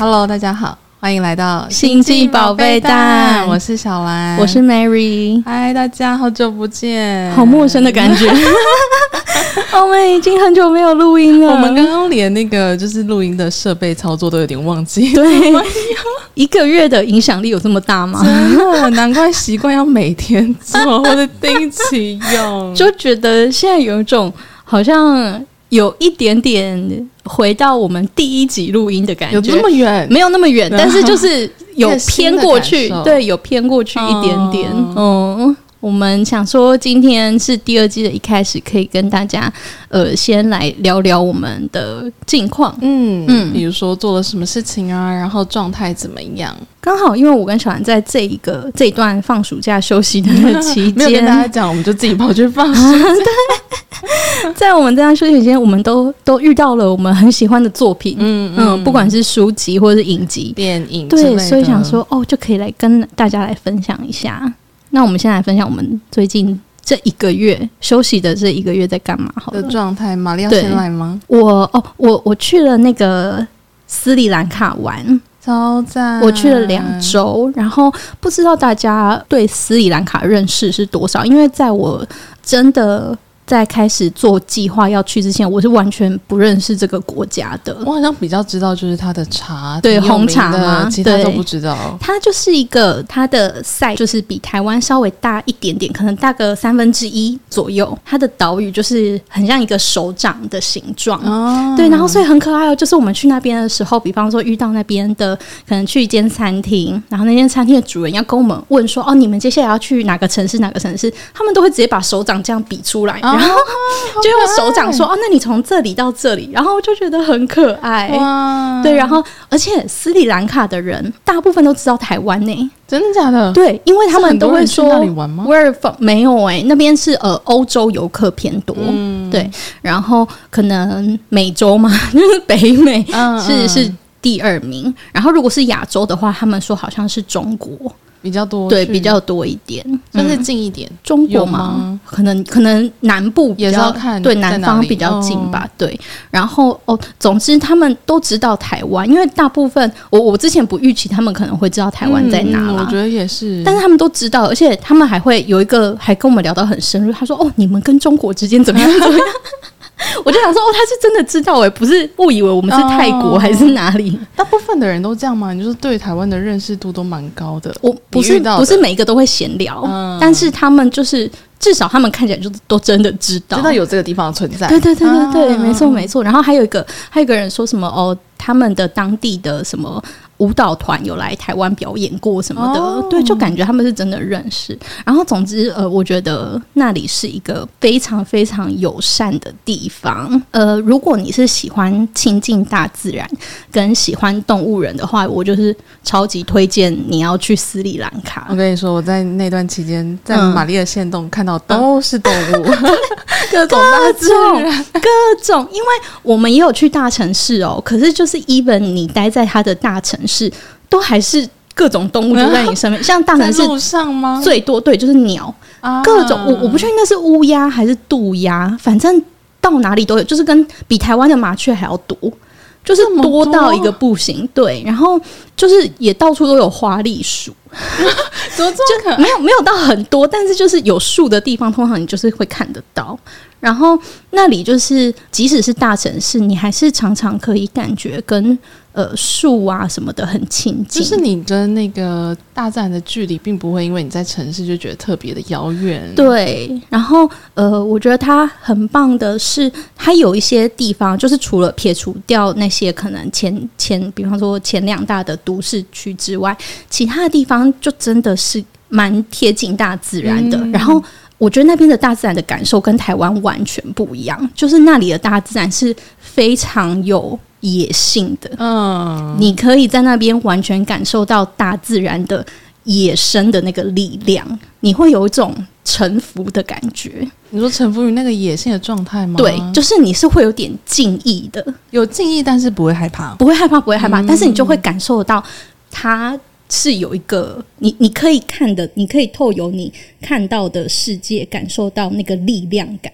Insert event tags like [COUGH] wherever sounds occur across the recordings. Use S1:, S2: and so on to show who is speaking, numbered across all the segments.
S1: Hello，大家好，歡迎來到星際寶貝蛋。貝蛋，我是小蘭，我是 Mary。嗨，大家好久不見，好陌生的感覺。我們、 [LAUGHS] [LAUGHS] oh、已經很久沒有錄音了，嗯、我們剛剛連那個就是錄音的設備操作都有點忘記。 [LAUGHS] 對，
S2: [LAUGHS] 一個月的影響力有這麼大嗎？ [LAUGHS] 啊、難怪習慣要每天做或者定期用， [LAUGHS] 就覺得現在有一種好像。有一點點回到我們第一集錄音的感覺，有那麼遠，沒有那麼遠，但是就是有偏過去，嗯、對，有偏過去一點點，嗯。嗯我們想說，今天是第二季的一開始，可以跟大家呃先來聊聊我們的近況，嗯嗯，嗯比如說做了什麼事情啊，然後狀態怎麼樣？剛好因為我跟小蘭在這一個這一段放暑假休息的那期間， [LAUGHS] 沒有跟大家
S1: 講，我們就自己跑去放 [LAUGHS] [LAUGHS] 對。
S2: 在我們這段休息期間，我們都都遇到了我們很喜歡的作品，嗯嗯，不管是書籍或者是影集、
S1: 電影之類，對，所以想說
S2: 哦，就可以來跟大家來分享一下。那我們先來分享我們最近這一個月休息的這一個月在幹嘛，
S1: 好？好的狀態，瑪利要先來嗎？
S2: 我哦，我我去了那個斯里蘭卡玩，
S1: 超讚讚！我去了兩
S2: 周，然後不知道大家對斯里蘭卡認識是多少？因為在我真的。在開始做計劃要去之前，我是完全不認識這個國家的。我好像比較知道就是它的
S1: 茶，對的紅茶嘛，其他都不知道。
S2: 它就是一個它的賽，就是比台灣稍微大一點點，可能大個三分之一左右。它的島嶼就是很像一個手掌的形狀啊，哦，對，然後所以很可愛哦。就是我們去那邊的時候，比方說遇到那邊的，可能去一間餐廳，然後那間餐廳的主人要跟我們問說：“哦，你們接下來要去哪個城市？哪個城市？”他們都會直接把手掌這樣比出來，啊然後就用手掌說哦，哦，那你從這裡到這裡，然後就覺得很可愛。哇對，然後而且斯里蘭卡的人大部分都知道台灣呢，真的假的？對，因為他們都會說。那裡玩嗎？Where 沒有哎，那邊是呃歐洲遊客偏多。嗯、對，然後可能美洲嘛，就 [LAUGHS] 是北美是嗯嗯是第二名。然後如果是亞洲的話，他們說好像是中國。
S1: 比較多，對比較
S2: 多一點，算是近一
S1: 點。嗯、中國嗎？嗎
S2: 可能可能，南部比較對，南方比較近吧。哦、對，然後哦，總之他們都知道台灣，因為大部分我我之前不預期他們可能會知道台灣在哪。嗯、我覺
S1: 得也是。但
S2: 是他們都知道，而且他們還會有一個還跟我們聊到很深入。他說：“哦，你們跟中國之間怎麼樣怎麼樣？” [LAUGHS] 我就想說，哦，他是真的知道哎，不是誤以為我們是泰國還是哪裡？
S1: 哦，大部分的人都這樣嗎？你就是對台灣的認識度都蠻高的。我不是不是每一個都會閒聊，嗯，但
S2: 是他們就是至少他們看起來就都真的知道，知道有這個地方
S1: 存在。對對對對對，
S2: 啊，沒錯沒錯。然後還有一個還有一個人說什麼哦，他們的當地的什麼。舞蹈團有來台灣表演過什麼的，哦、對，就感覺他們是真的認識。然後總之，呃，我覺得那裡是一個非常非常友善的地方。呃，如果你是喜歡親近大自然跟喜歡動物人的話，我就是超級推薦你要去斯里蘭卡。我跟你說，我在那段期間在瑪利爾縣洞看到都是動物，
S1: 啊、各種動物，
S2: 各種。因為我們也有去大城市哦，可是就是 even 你待在他的大城市，是，都還是各種動物就在你身邊，啊、像大城市最多對，就是鳥，啊、各種我我不確定應該是烏鴉還是渡鴉，反正到哪裡都有，就是跟比台灣的麻雀還要多，就是多到一個不行。對，然後就是也到處都有花栗鼠，啊，怎麼，這麼可 [LAUGHS] 就沒有沒有到很多，但是就是有樹的地方，通常你就是會看得到。然後那裡就是，即使是大城市，你還是常常可以感覺跟。呃，
S1: 樹啊什麼的很親近，就是你跟那個大自然的距離，並不會因為你在城市就覺得特別的遙遠。對，
S2: 然後呃，我覺得它很棒的是，它有一些地方，就是除了撇除掉那些可能前前，比方說前兩大的都市區之外，其他的地方就真的是蠻貼近大自然的。嗯。然後我覺得那邊的大自然的感受跟台灣完全不一樣，就是那裡的大自然是非常有。野性的，嗯，你可以在那邊完全感受到大自然的野生的那個力量，你會有一種臣服的感覺。
S1: 你說臣服於那個野性的狀態嗎？對，就是你是會有點敬意的，有敬意，但是不會害怕，不
S2: 會害怕，不會害怕，嗯，但是你就會感受到它是有一個你，你可以看的，你可以透由你看到的世界，感受到那個力量感。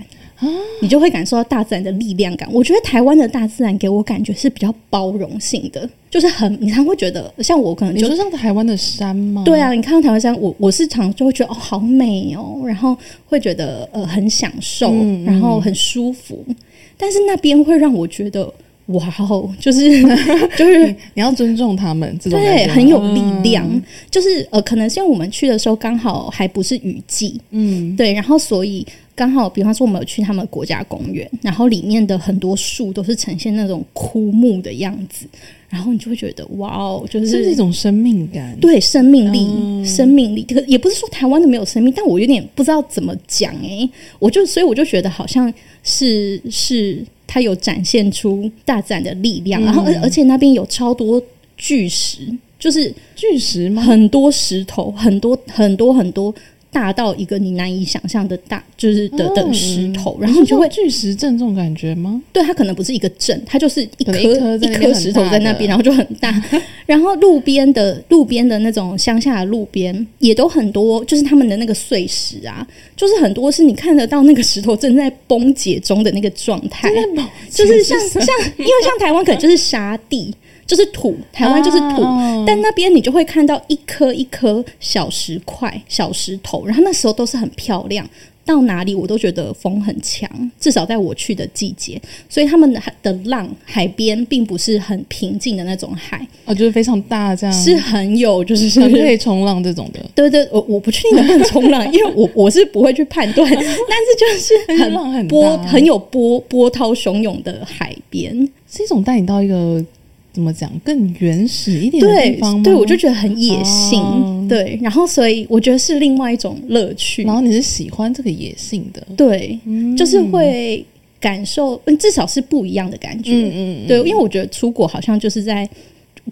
S2: 你就會感受到大自然的力量感。我覺得台灣的大自然給我感覺是比較包容性的，就是很你常會覺得像我可能覺得像台灣的山嗎？對啊，你看到台灣山，我我是常就會覺得哦，好美哦，然後會覺得呃很享受，嗯、然後很舒服。嗯、但是那邊會讓我覺得哇哦，就是 [LAUGHS] 就是你，你要尊重他們，對很有力量。嗯、就是呃，可能因為我們去的時候剛好還不是雨季，嗯，對，然後所以。剛好，比方說我們有去他們的國家公園，然後裡面的很多樹都是呈現那種枯木的樣子，然後你就會覺得哇哦，就是這是，是一種生
S1: 命感，對
S2: 生命力，嗯、生命力。可也不是說台灣的沒有生命，但我有點不知道怎麼講誒、欸，我就所以我就覺得好像是是它有展現出大自然的力量，嗯、然後而而且那邊有超多巨石，就是巨石嗎？很多石頭，很多很多很多。大到一個你難以想象的大，就是的等石頭，哦嗯，然後就會巨
S1: 石陣這種感覺嗎？
S2: 對，它可能不是一個陣，它就是一顆一顆石頭在那邊，然後就很大。 [LAUGHS] 然後路邊的路邊的那種鄉下的路邊也都很多，就是他們的那個碎石啊，就是很多是你看得到那個石頭正在崩解中的那個狀態，是就是像像因為像台灣可能就是沙地。 [LAUGHS] 就是土，台灣就是土，啊、但那邊你就會看到一顆一顆小石塊、小石頭，然後那時候都是很漂亮。到哪裡我都覺得風很強，至少在我去的季節，所以他們的浪海邊並不是很平靜的那種海，哦，就是非常大，這樣是很有，就是像可以
S1: 衝浪這種的。
S2: [LAUGHS] 對，對對，我我不確定能不能衝浪， [LAUGHS] 因為
S1: 我我是不會去判斷， [LAUGHS] 但
S2: 是就是很波很，很有波波濤洶湧的海邊，
S1: 是一種帶你到一個。怎麼講？更原始一點的地方嗎？對，對，我就覺得很野性，啊、
S2: 對，然後所以我覺得是另
S1: 外一種樂趣。然後你是喜歡這個野性的，
S2: 對，嗯、就是會感受，至少是不一樣的感覺，嗯，嗯，嗯，對，因為我覺得出國好像就是在。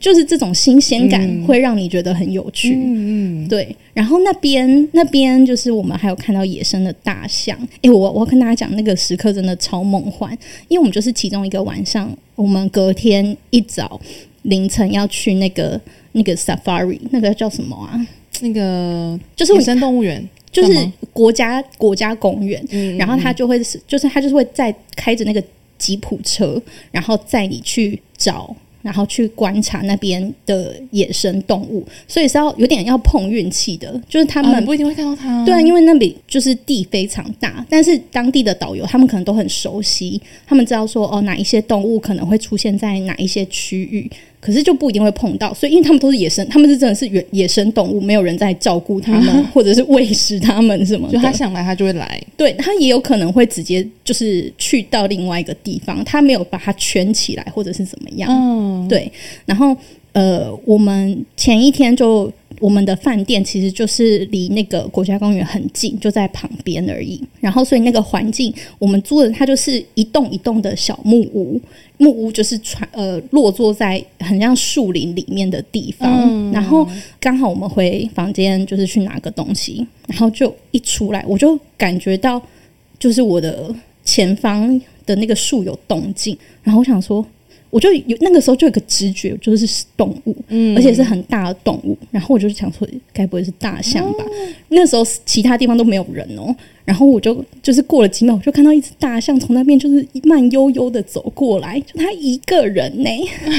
S2: 就是這種新鮮感會讓你覺得很有趣，嗯、對。然後那邊那邊就是我們還有看到野生的大象。欸、我我跟大家講那個時刻真的超夢幻，因為我們就是其中一個晚上，我們隔天一早凌晨要去那個那個 Safari 那個叫什麼啊？那
S1: 個就是野生
S2: 動物園，就是我們，那麼？就是國家國家公園。嗯、然後他就會、嗯、就是他就是會載開着那個吉普車，然後載你去找。然後去觀察那邊的野生動物，所以是要有點要碰運氣的。就是他們、啊、不一
S1: 定會看到它、啊，對啊，因為
S2: 那裡就是地非常大，但是當地的導遊他們可能都很熟悉，他們知道說哦，哪一些動物可能會出現在哪一些區域。可是就不一定會碰到，所以因為他們都是野生，他們是真的是原野生動物，沒有人在照顧他們，嗯啊、或者是餵食他們什麼的，就他想來他就會來，對，他也有可能會直接就是去到另外一個地方，他沒有把它圈起來，或者是怎麼樣，嗯、哦，對，然後。呃，我們前一天就我們的飯店其實就是離那個國家公園很近，就在旁邊而已。然後，所以那個環境，我們租的它就是一棟一棟的小木屋，木屋就是傳呃落座在很像樹林裡面的地方。嗯。然後剛好我們回房間就是去拿個東西，然後就一出來，我就感覺到就是我的前方的那個樹有動靜，然後我想說。我就有那個時候就有個直覺，就是動物，嗯，而且是很大的動物。然後我就是想說，該不會是大象吧？哦、那時候其他地方都沒有人哦、喔。然後我就就是過了幾秒，我就看到一隻大象從那邊就是慢悠悠的走過來，就他一個人呢、欸。嗯、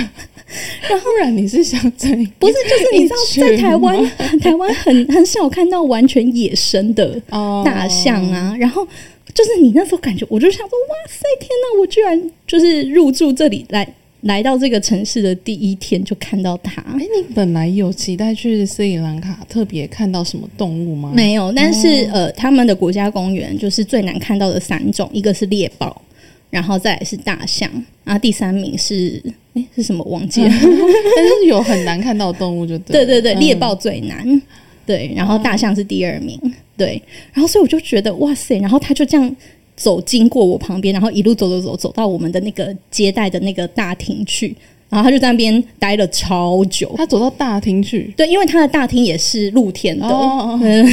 S2: 然後，突然
S1: 你是想在不是就是你知道在台
S2: 灣 [LAUGHS] 台灣很很少看到完全野生的大象啊。哦、然後就是你那時候感覺，我就想說，哇塞，天吶、啊，我居然就是入住這裡來。來到這個城市的第一天就
S1: 看到它、欸。你本來有期待去斯里蘭卡特別看到什麼動物嗎？沒有，但是、嗯、呃，
S2: 他們的國家公園就是最難看到的三種，一個是獵豹，然後再來是大象，啊，第三名是哎是什麼？忘記了。嗯、
S1: 但是有很難看到動物就對， [LAUGHS] 對對對，嗯、獵豹
S2: 最難，對，然後大象是第二名，對，然後所以我就覺得哇塞，然後他就這樣。走經過我旁邊，然後一路走走走，走到我們的那個接待的那個大廳去。然後他就在那邊待了超久，他走到大廳去，對，因為他的大廳也是露天的，那邊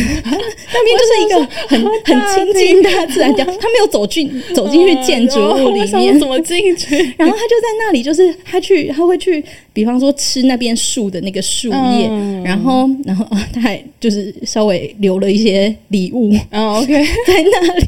S2: 就是一個很很親近大自然，他沒有走進走進去建築物裡面，怎麼
S1: 進去？
S2: 然後他就在那裡，就是他去，他會去，比方說吃那邊樹的那個樹葉，然後然後他還就是稍微留了一些禮物，OK 在那裡，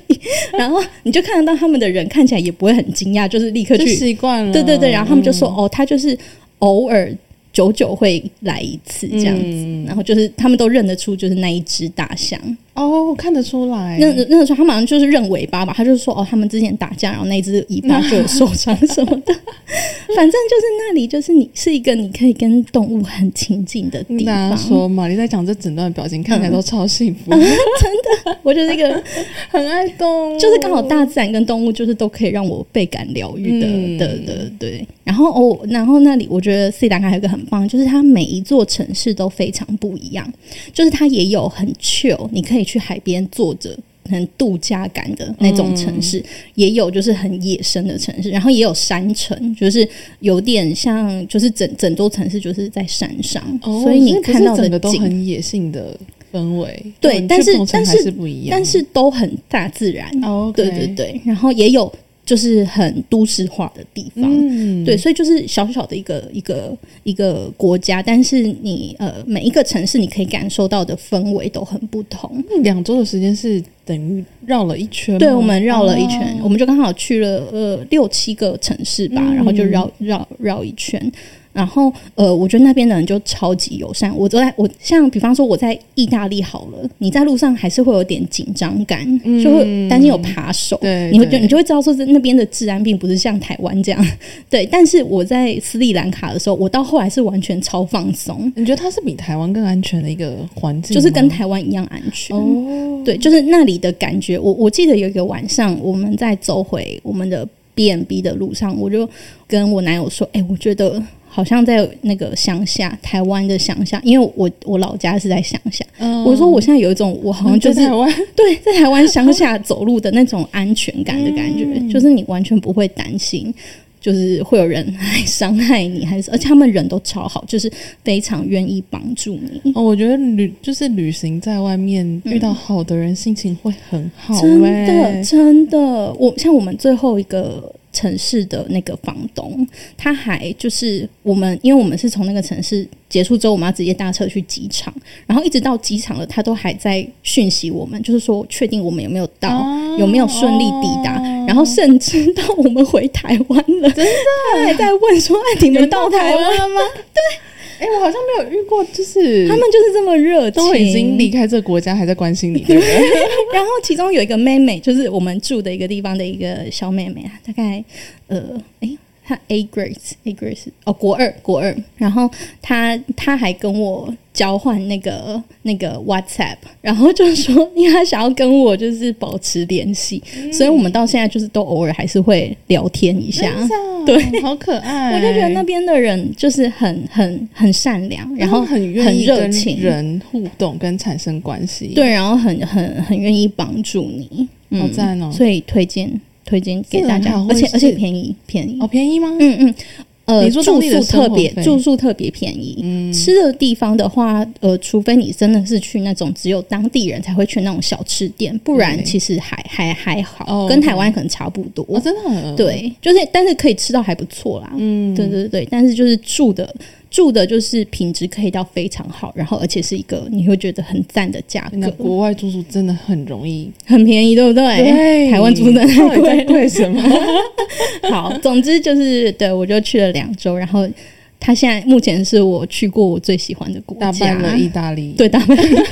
S2: 然後你就看得到他們的人看起來也不會很驚訝，就是立刻去習慣了，對對對，然後他們就說哦，他就是。就是偶爾久久會來一次這樣子，嗯。然後就是他們都認得出，就是那一隻大象。哦，oh, 我看得出來，認認得出他馬上就是認尾巴吧，他就說哦，他們之前打架，然後那只尾巴就有受傷什麼的。 [LAUGHS] 反正就是那裡，就是你是一個你可以
S1: 跟動物很親近的地方。說嘛，你在講這整段表情、嗯、看起來都超幸福，啊、真
S2: 的，我覺得那個 [LAUGHS] 很愛動物，就是剛好大自然跟動物就是都可以讓我倍感療癒的，對對、嗯、對。然後哦，然後那裡我覺得斯里蘭卡還有一個很棒，就是它每一座城市都非常不一樣，就是它也有很 chill，你可以。去海邊坐着很度假感的那種城市，嗯、也有就是很野生的城市，然後也有山城，就是有點像，就是整整座城市就是在山上，哦、所以你看到的景整個都很野性的氛圍。對，對但是，是但是但是都很大自然。哦 okay、對對對，然後也有。就是很都市化的地方，嗯、對，所以就是小小的一個一個一個國家，但是你呃每一個城市你可以感受到的氛圍都很不同。兩週、嗯、的時間是
S1: 等於繞了，了一圈，對，我們繞了一圈，
S2: 我們就剛好去了呃六七個城市吧，嗯、然後就繞繞繞一圈。然後，呃，我覺得那邊的人就超級友善。我都在我像比方說我在意大利好了，你在路上還是會有點緊張感，就會擔心有扒手。嗯、對對，你會就你就會知道說，那邊的治安並不是像台灣這樣。對，但是我在斯里蘭卡的時候，我到後來是完全超放鬆。你覺得它是比台灣更安全的一個環境，就是跟台灣一樣安全。哦，對，就是那裡的感覺。我我記得有一個晚上，我們在走回我們的 B&B 的路上，我就跟我男友說：“哎，我覺得。”好像在那個鄉下，台灣的鄉下，因為我我老家是在鄉下。嗯、我說我現在有一種，我好像就是在、嗯、台灣，對，在台灣鄉下走路的那種安全感的感覺，嗯、就是你完全不會擔心，就是會有人來傷害你，還是而且他們人都超好，就是非常願意幫助你。哦、嗯，
S1: 我覺得旅就是旅行在外面、嗯、遇到好的人，心情會很好、欸。
S2: 真的，真的，我像我們最後一個。城市的那個房東，他還就是我們，因為我們是從那個城市結束之後，我們要直接搭車去機場，然後一直到機場了，他都還在訊息我們，就是說確定我們有沒有到，啊、有沒有順利抵達，啊、然後甚至到我們回台灣了，真的他還在問說，哎， [LAUGHS] 你們到台灣了嗎？ [LAUGHS] 對。
S1: 哎、欸，我好像沒有遇過，就是他們就是這麼熱情，都已經離開這個國家還在關心你對不
S2: 對？ [LAUGHS] 然後其中有一個妹妹，就是我們住的一個地方的一個小妹妹啊，大概呃，哎、欸。他 A grades，A grades 哦，國二國二。然後他他還跟我交換那個那個 WhatsApp，然後就說，因為他想要跟我就是保持聯繫，嗯、所以我們到現在就是都偶爾還是會聊天
S1: 一下。嗯、對，好可
S2: 愛、欸。我就覺得那邊的人就是很很很善良，然後很願意跟人
S1: 互動跟產生關係。對，然後
S2: 很很很願意幫助你。嗯、好讚哦、喔，所以推薦。推薦給大家，而且而且便宜便宜。哦，便宜嗎？嗯嗯，
S1: 呃，住宿特別住
S2: 宿特別便宜，嗯、吃的地方的話，呃，除非你真的是去那種只有當地人才會去那種小吃店，不然其實還對還還好。哦、跟台灣可能差不多。哦、真的對，就是但是可以吃到還不錯啦。嗯，對對對，但是就是住的。住的就是品質可以到非常好，然後而且是一個你會覺得很讚的價格。那國外住
S1: 宿真的很容易，
S2: 很便宜，對不對？對，台灣住的太貴，為什麼？ [LAUGHS] 好，總之就是，對我就去了兩週。然後他現在目前是我去過我最喜歡的國家打敗了意大利。對，打敗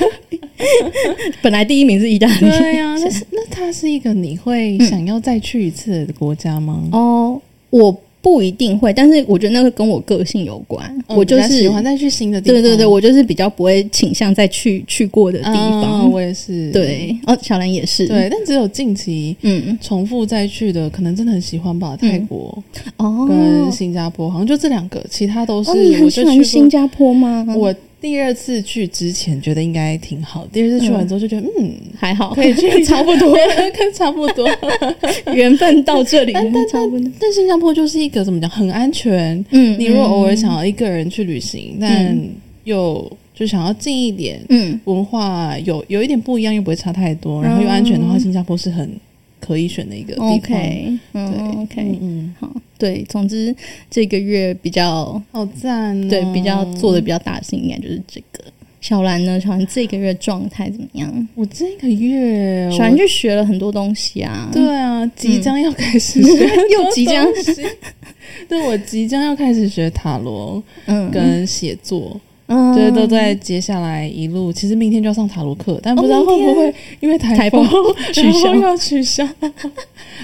S2: [LAUGHS] [LAUGHS] 本來第一名是意大利，對啊
S1: 那，那他是一個你會想要再去一次的國家嗎？嗯、
S2: 哦，我。不一定會，但是我覺得那個跟我個性有關。嗯、我就是喜歡再
S1: 去新的地方。對對對，我
S2: 就是比較不會傾向再去去過的地方。啊、我也
S1: 是，對哦，小蘭也是，對。但只有近期嗯，重複再去的，嗯、可能真的很喜歡吧。泰國哦、嗯，跟新加坡，好像就這兩個，其他都是。哦，你很喜歡新加坡嗎？我。第二次去之前覺得應該挺好，第二次去完之後就覺得嗯，嗯還好，可以去差不多跟 [LAUGHS] 差不多緣分 [LAUGHS] 到這裡。但但但但新加坡就是一個怎麼講，很安全，嗯，你如果偶爾想要一個人去旅行，嗯、但又就想要近一點，嗯，文化有有一點不一樣又不會差太多，嗯、然後又安全的話，新加坡是很。可以選的一個地方 OK 對，OK，嗯，okay, 嗯嗯，
S2: 好，對，總之這個月比較
S1: 好贊，哦，對，比較做的
S2: 比較大的應該就是這個。小蘭呢，小蘭這個月狀態怎麼樣？
S1: 我這個月小蘭就學了很多東西啊，對啊，即將要開始學、嗯，又 [LAUGHS] 即將將是， [LAUGHS] 對，我即將要開始學塔羅，跟寫作。嗯嗯，對，都在接下來一路，其實明天就要上塔羅課，但不知道會不會、哦、因為颱風，颱風取消。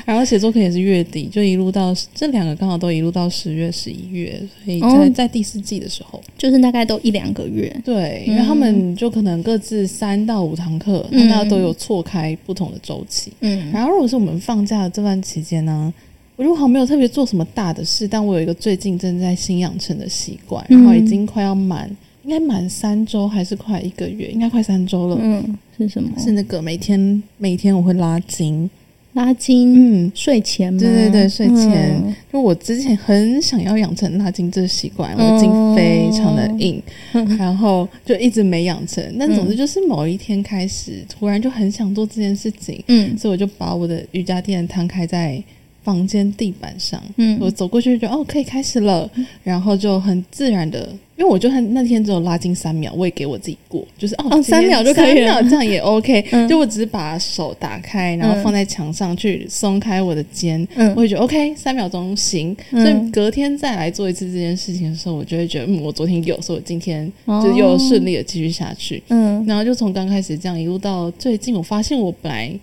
S1: 然後寫 [LAUGHS] 作課也是月底，就一路到這兩個剛好都一路到十月、十一月，所以在、哦、在第四季的時候，就是大概都一兩個月。對，因為、嗯、他們就可能各自三到五堂課，大家都有錯開不同的周期。嗯，然後如果是我們放假的這段期間呢，我就好像沒有特別做什麼大的事，但我有一個最近正在新養成的習慣，嗯、然後已經快要滿。應該滿三周還是快一個月？應該快三周了。嗯，是什麼？是那個每天每天我會拉筋，拉筋。嗯，睡前嗎？對對對，睡前。嗯、就我之前很想要養成拉筋這個習慣，我筋非常的硬，哦、然後就一直沒養成。但總之就是某一天開始，嗯、突然就很想做這件事情。嗯，所以我就把我的瑜伽墊攤開在房間地板上。嗯，我走過去就哦，可以開始了，然後就很自然的。因為我就那天只有拉近三秒，我也給我自己過，就是哦，三秒就可以，三秒這樣也 OK。嗯。就我只是把手打開，然後放在牆上去，去鬆、嗯、開我的肩，嗯、我也覺得 OK，三秒鐘行。嗯、所以隔天再來做一次這件事情的時候，我就會覺得，嗯，我昨天有，所以我今天就又順利的繼續下去。哦、嗯，然後就從剛開始這樣一路到最近，我發現我本來。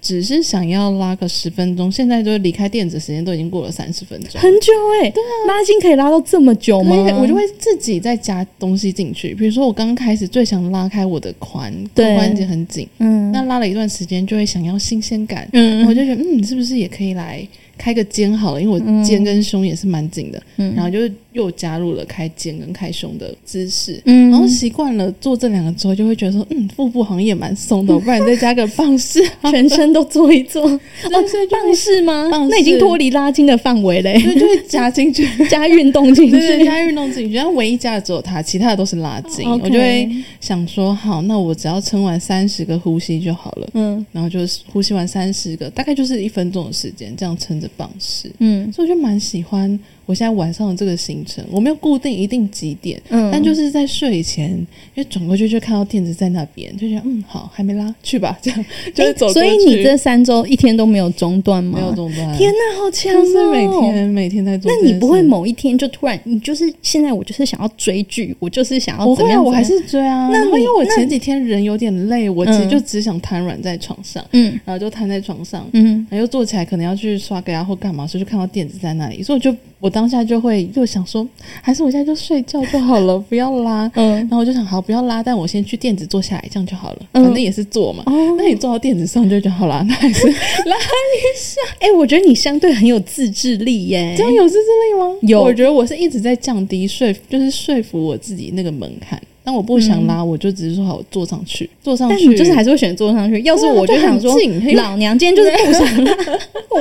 S1: 只是想要拉個十分鐘，現在就離開墊子時間都已經過了三十分鐘，很久哎、欸，對啊，拉筋可以拉到這麼久嗎？我就會自己再加東西進去，比如說我剛開始最想拉開我的髖，髖關節很緊，嗯，那拉了一段時間就會想要新鮮感，嗯，然後我就覺得，嗯，是不是也可以來？開個肩好了，因為我肩跟胸也是蠻緊的，嗯、然後就又加入了開肩跟開胸的姿勢，嗯、然後習慣了做這兩個之後，就會覺得說，嗯，腹部好像也蠻鬆的，不然再加個棒式，全身都做一
S2: 做。哦，哦棒式嗎？棒式那已經脫離拉筋的範圍嘞，所以就會加進去，加運動進去，加運
S1: 動進去。覺得唯一加的只有它，其他的都是拉筋。哦 okay、我就會想說，好，那我只要撐完三十個呼吸就好了。嗯，然後就是呼吸完三十個，大概就是一分鐘的時間，這樣撐着。方式，嗯，所以我就蠻喜歡。我現在晚上的這個行程，我沒有固定一定幾點，嗯、但就是在睡前，因為轉過去就看到墊子在那邊，就覺得嗯好，還沒拉去吧，這樣就是走、欸。所以你這三週一天都沒有中斷嗎？沒有中斷。天哪、啊，好強哦、喔！是每天
S2: 每天在做。那你不會某一天就突然，你就是現在我就是想要追劇，
S1: 我就是想要怎麼樣，我會，我還是追啊。那，那因為我前幾天人有點累，我其實就只想癱軟在床上，嗯，然後就癱在床上，嗯，然後坐起來可能要去刷個牙或幹嘛，所以就看到墊子在那裡，所以我就我當。當下就會又想說，還是我現在就睡覺就好了，不要拉。嗯，然後我就想，好，不要拉，但我先去墊子坐下來，這樣就好了。嗯，那也是坐嘛。哦，那你坐到墊子上就就好了，那還是拉一下。哎，我覺得你相對很有自制力耶。這樣有自制力嗎？有，我覺得我是一直在降低說，就是說服我自己那個門檻。但我不想拉，我就只是說，好，坐上去，坐上去。但你就是還是會選坐
S2: 上去。要是我就想說，老娘今天就是不想拉，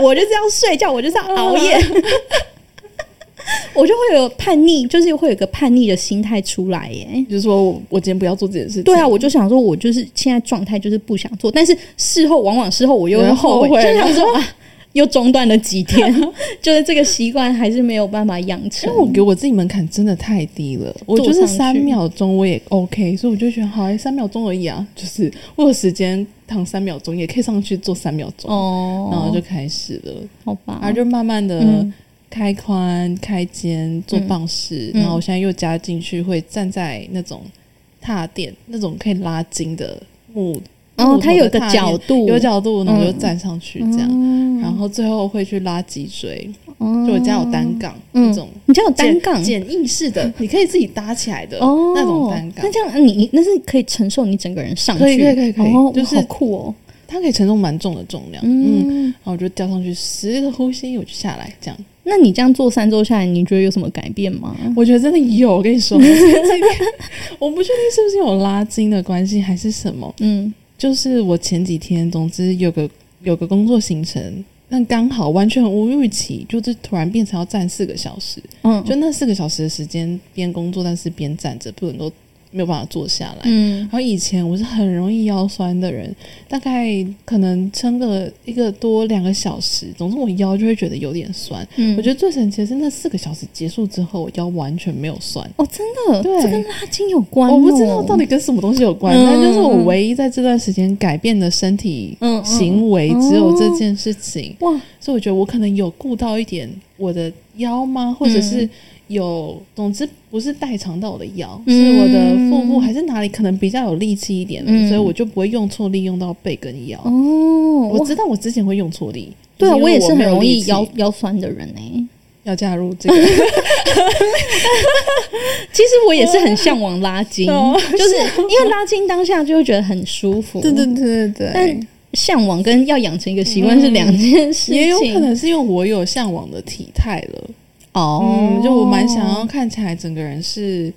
S2: 我就是要睡覺，我就是要熬夜。我就會有叛逆，就是會有個叛逆的心態出來耶，哎，就是說我今天不要做這件事情。對啊，我就想說，我就是現在狀態就是不想做，但是事後往往事後我又會後悔。後悔就想說啊，又中斷了幾天， [LAUGHS] 就是這個習
S1: 慣還是沒有辦法
S2: 養成。因為我給
S1: 我自己門檻真的太低了，我就是三秒鐘我也 OK，所以我就覺得好，哎，三秒鐘而已啊，就是我有時間躺三秒鐘也可以上去做三秒鐘哦，然後就開始了，好吧棒，然後就慢慢的。嗯開髖、開肩、做棒式，然後我現在又加進去會站在那種踏墊，那種可以拉筋的木，哦，它有個角度，有角度，然後我就站上去這樣，然後最後會去拉脊椎。哦，就我家有單槓，嗯，你家有單槓，簡易式的，你可以自己搭起來的哦。那種單槓，那這樣你那是可以承受你整個人上去，可以可以可以，就是好酷哦，它可以承受蠻重的重量，嗯，然後我就吊上去十個呼吸，我就下來這樣。那你這樣做三周下來，你覺得有什麼改變嗎？我覺得真的有，我跟你說， [LAUGHS] 我不確定是不是有拉筋的關係還是什麼。嗯，就是我前幾天，總之有個有個工作行程，但剛好完全無預期，就是突然變成要站四個小時。嗯，就那四個小時的時間，邊工作但是邊站着，不能夠。沒有辦法坐下來，嗯，然後以前我是很容易腰酸的人，大概可能撐個一個多兩個小時，總之我腰就會覺得有點酸。嗯，我覺得最神奇的是那四個小時結束之後，我腰完全沒有酸。哦，真的？對，這跟拉筋有關哦？我不知道到底跟什麼東西有關，嗯，但就是我唯一在這段時間改變的身體行為只有這件事情。嗯嗯嗯，哇，所以我覺得我可能有顧到一點我的腰嗎？或者是，嗯。有，總之不是代償到我的腰，嗯、是我的腹部還是哪裡可能比較有力氣一點的，嗯、所以我就不會用錯力用到背跟腰。哦，我知道我之前會用錯力，對啊哇，我也是很容易腰腰酸的人哎、欸。要加入這個， [LAUGHS] 其實我也是
S2: 很向往拉筋，哦、就是因為拉筋當下就會覺得很舒服。對對對對對，但向往跟要養成一個習慣是兩件事情、嗯，也有可能
S1: 是因為我有向往的體態了。
S2: 哦、oh. 嗯，就我蠻想要
S1: 看起來整個人是，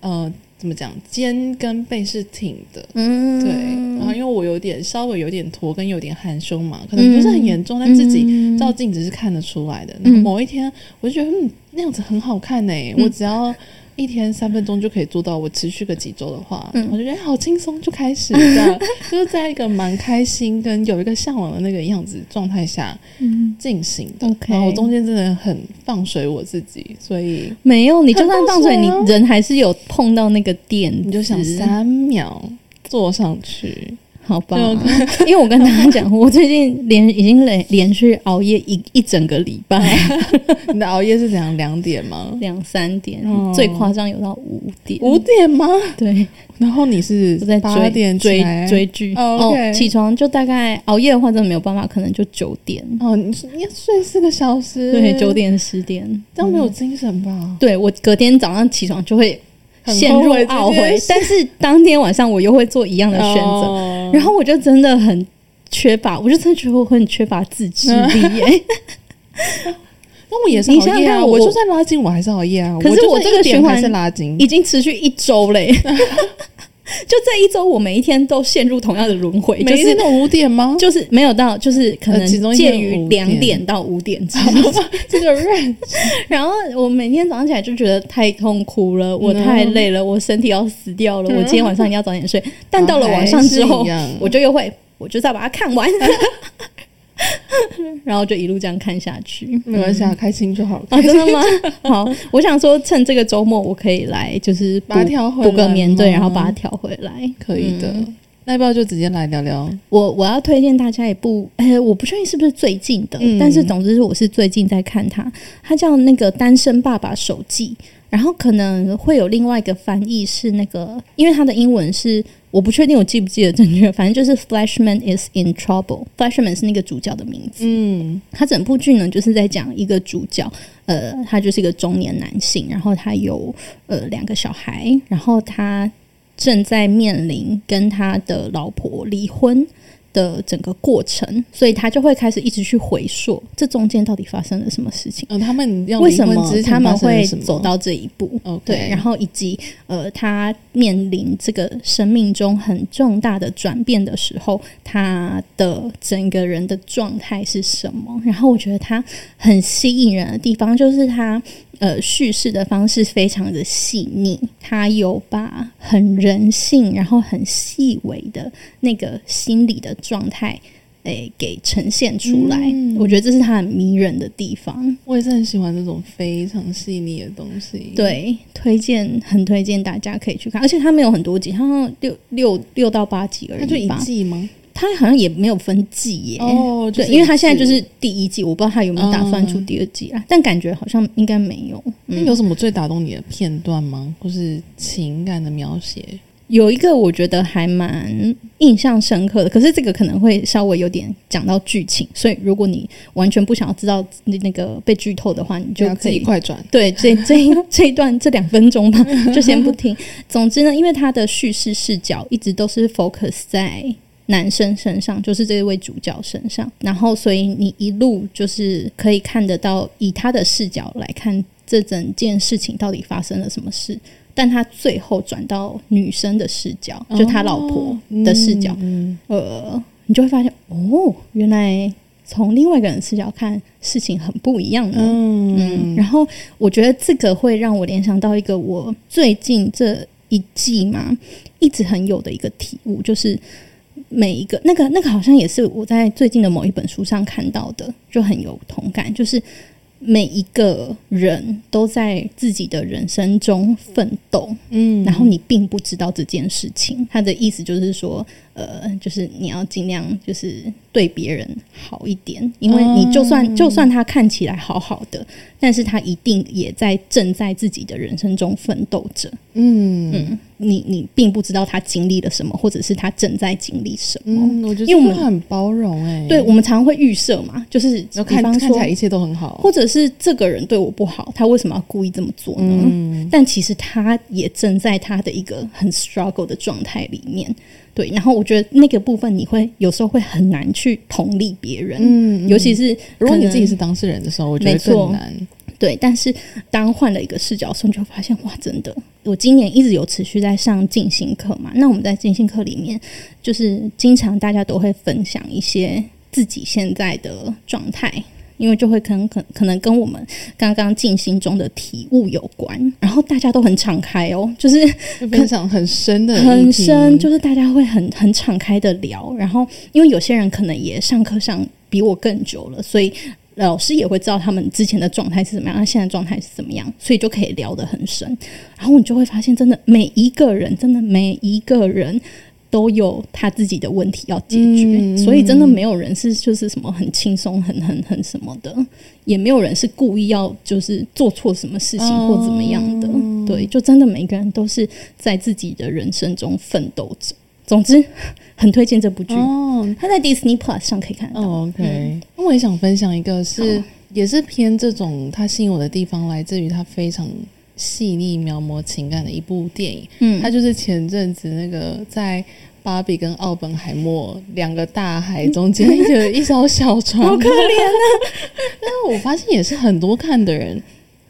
S1: 呃，怎麼講，肩跟背是挺的，mm. 對。然後因為我有點稍微有點駝，跟有點含胸嘛，可能不是很嚴重，mm. 但自己照鏡子是看得出來的。然後某一天，我就覺得，mm. 嗯，那樣子很好看誒、欸，mm. 我只要。一天三分鐘就可以做到，我持續個幾週的話，嗯、我就覺得好輕鬆，就開始這樣，嗯、就是在一個蠻開心跟有一個嚮往的那個樣子狀態下進行的。嗯 okay、然後我中間真的很放水我自己，所以沒有，你就算放水、啊，你
S2: 人還是有
S1: 碰到那個點，你就想三秒坐上去。好
S2: 吧，因為我跟大家講，我最近連已經連連續熬夜一一整個禮拜。你
S1: 的熬夜是怎樣？兩點嗎？兩三點？最誇張有到五點？
S2: 五點嗎？對。然後你是？在八點追追劇哦，起床就大概熬夜的話，真的沒有辦法，可能就九點
S1: 哦。你要睡四個小時？對，九點十點，這樣沒有精神吧？
S2: 對，我隔天早上起床就會
S1: 陷入懊悔，但是
S2: 當天晚上我又會做一樣的選擇。然後我就真的很缺乏，我就真的覺得我很缺乏自制力耶、
S1: 欸。那、嗯、 [LAUGHS] 我也是熬夜啊，想想我，我就算拉筋，我還是熬夜啊。可是我，我就這個循環是拉筋，已
S2: 經持續一周嘞。 [LAUGHS] 就這一周，我每一天都陷入同樣的輪回，每天從
S1: 五點嗎？就是沒有到，就是可能介於兩點
S2: 到五點之間。這個 range 然後我每天早上起來就覺得太痛苦了，我太累了，我身體要死掉了。嗯、我今天晚上一定要早點睡。嗯、但到了晚上之後，我就又會，我就再把它看完。啊 [LAUGHS] [LAUGHS] 然後就一路這樣看下去，沒關係、啊嗯，開
S1: 心就好。啊、真的嗎？
S2: [LAUGHS] 好，我想說，趁這個周末我可以來，就是把它調補個眠，對，然後把它調回來，可以的。嗯、那要不要就直接來聊聊？我我要推薦大家一部，欸、我不確定是不是最近的，嗯、但是總之是我是最近在看他，他叫那個《單身爸爸手記》。然後可能會有另外一個翻譯是那個，因為他的英文是，我不確定我記不記得正確，反正就是 Flashman is in trouble，嗯。Flashman 是那個主角的名字。嗯，他整部劇呢，就是在講一個主角，呃，他就是一個中年男性，然後他有呃兩個小孩，然後他正在面臨跟他的老婆離婚的整個過程，所以他就會開始一直去回溯這中間到底發生了什麼事情。嗯、哦，他們為什麼他們會走到這一步？Okay. 對，然後以及呃，他面臨這個生命中很重大的轉變的時候，他的整個人的狀態是什麼？然後我覺得他很吸引人的地方就是他。呃，敘事的方式非常的細膩，他有把很人性，然後很細微的那個心理的狀態，誒、欸，給呈現出來。嗯、我覺得這是他很迷人的地方。
S1: 我也是很喜歡這種非常細膩的東西。對，
S2: 推薦，很推薦大家可以去看。而且他沒有很多集，他好像六六六到八集而已吧？他就一季嗎？他好像也沒有分季耶，哦，就是、對，因為他現在就是第一季，我不知道他有沒有打算出第二
S1: 季啊？嗯、但感覺好像應該沒有。那、嗯嗯、有什麼最打動你的片段嗎？或是情感的描寫？
S2: 有一個我覺得還蠻印象深刻的，可是這個可能會稍微有點講到劇情，所以如果你完全不想要知道那那個被劇透的話，你就可以、對啊、可以快轉。對，這這這一段這兩分鐘吧，就先不聽。 [LAUGHS] 總之呢，因為他的敘事視角一直都是 focus 在。男生身上，就是這位主角身上，然後，所以你一路就是可以看得到，以他的視角來看這整件事情到底發生了什麼事。但他最後轉到女生的視角，就他老婆的視角，哦嗯嗯、呃，你就會發現哦，原來從另外一個人視角看事情很不一樣了。嗯，嗯，然後我覺得這個會讓我聯想到一個我最近這一季嘛，一直很有的一個體悟，就是。每一個那個那個好像也是我在最近的某一本書上看到的，就很有同感。就是每一個人都在自己的人生中奮鬥，嗯，然後你並不知道這件事情。他的意思就是說，呃，就是你要盡量就是，對別人好一點，因為你就算、嗯、就算他看起來好好的，但是他一定也在正在自己的人生中奮鬥着。嗯，嗯，你你並不知道他經歷了什麼，或者是他正在經歷什麼、嗯。
S1: 我覺得、欸，因為我們很包容，誒，對我
S2: 們常常會預設嘛，嗯、就是比方看起來一切都很好，或者是這個人對我不好，他為什麼要故意這麼做呢？嗯、但其實他也正在他的一個很 struggle 的狀態裡面。對，然後我覺得那個部分你會有時候會很難去同理別人，嗯，尤其是如果你自己是當事人的時候，我覺得更難。對，但是當換了一個視角的時候，你就發現，哇，真的，我今年一直有持續在上進行課嘛，那我們在進行課裡面，就是經常大家都會分享一些自己現在的狀態。因為就會跟可能可能跟我們剛剛進行中的體悟有關，然後大家都很敞開哦，就是分享很深的、很深，就是大家會很很敞開的聊。然後，因為有些人可能也上課上比我更久了，所以老師也會知道他們之前的狀態是怎麼樣，他現在狀態是怎麼樣，所以就可以聊得很深。然後你就會發現，真的每一個人，真的每一個人，都有他自己的問題要解決。嗯、所以真的沒有人是就是什麼很輕鬆很很很什麼的，也沒有人是故意要就是做錯什麼事情或怎麼樣的。哦、對，就真的每個人都是在自己的人生中奮鬥着。總之，很推薦這部劇哦，
S1: 它在 Disney Plus 上可以看到。哦、okay、那我也想分享一個，是、哦、也是偏這種他吸引我的地方來自於他非常細膩描摹情感的一部電影，嗯，它就是前陣子那個在芭比跟奧本海默兩個大海中間的一艘 [LAUGHS] 小船，好可憐啊！ [LAUGHS] 但是我發現也是很多看的人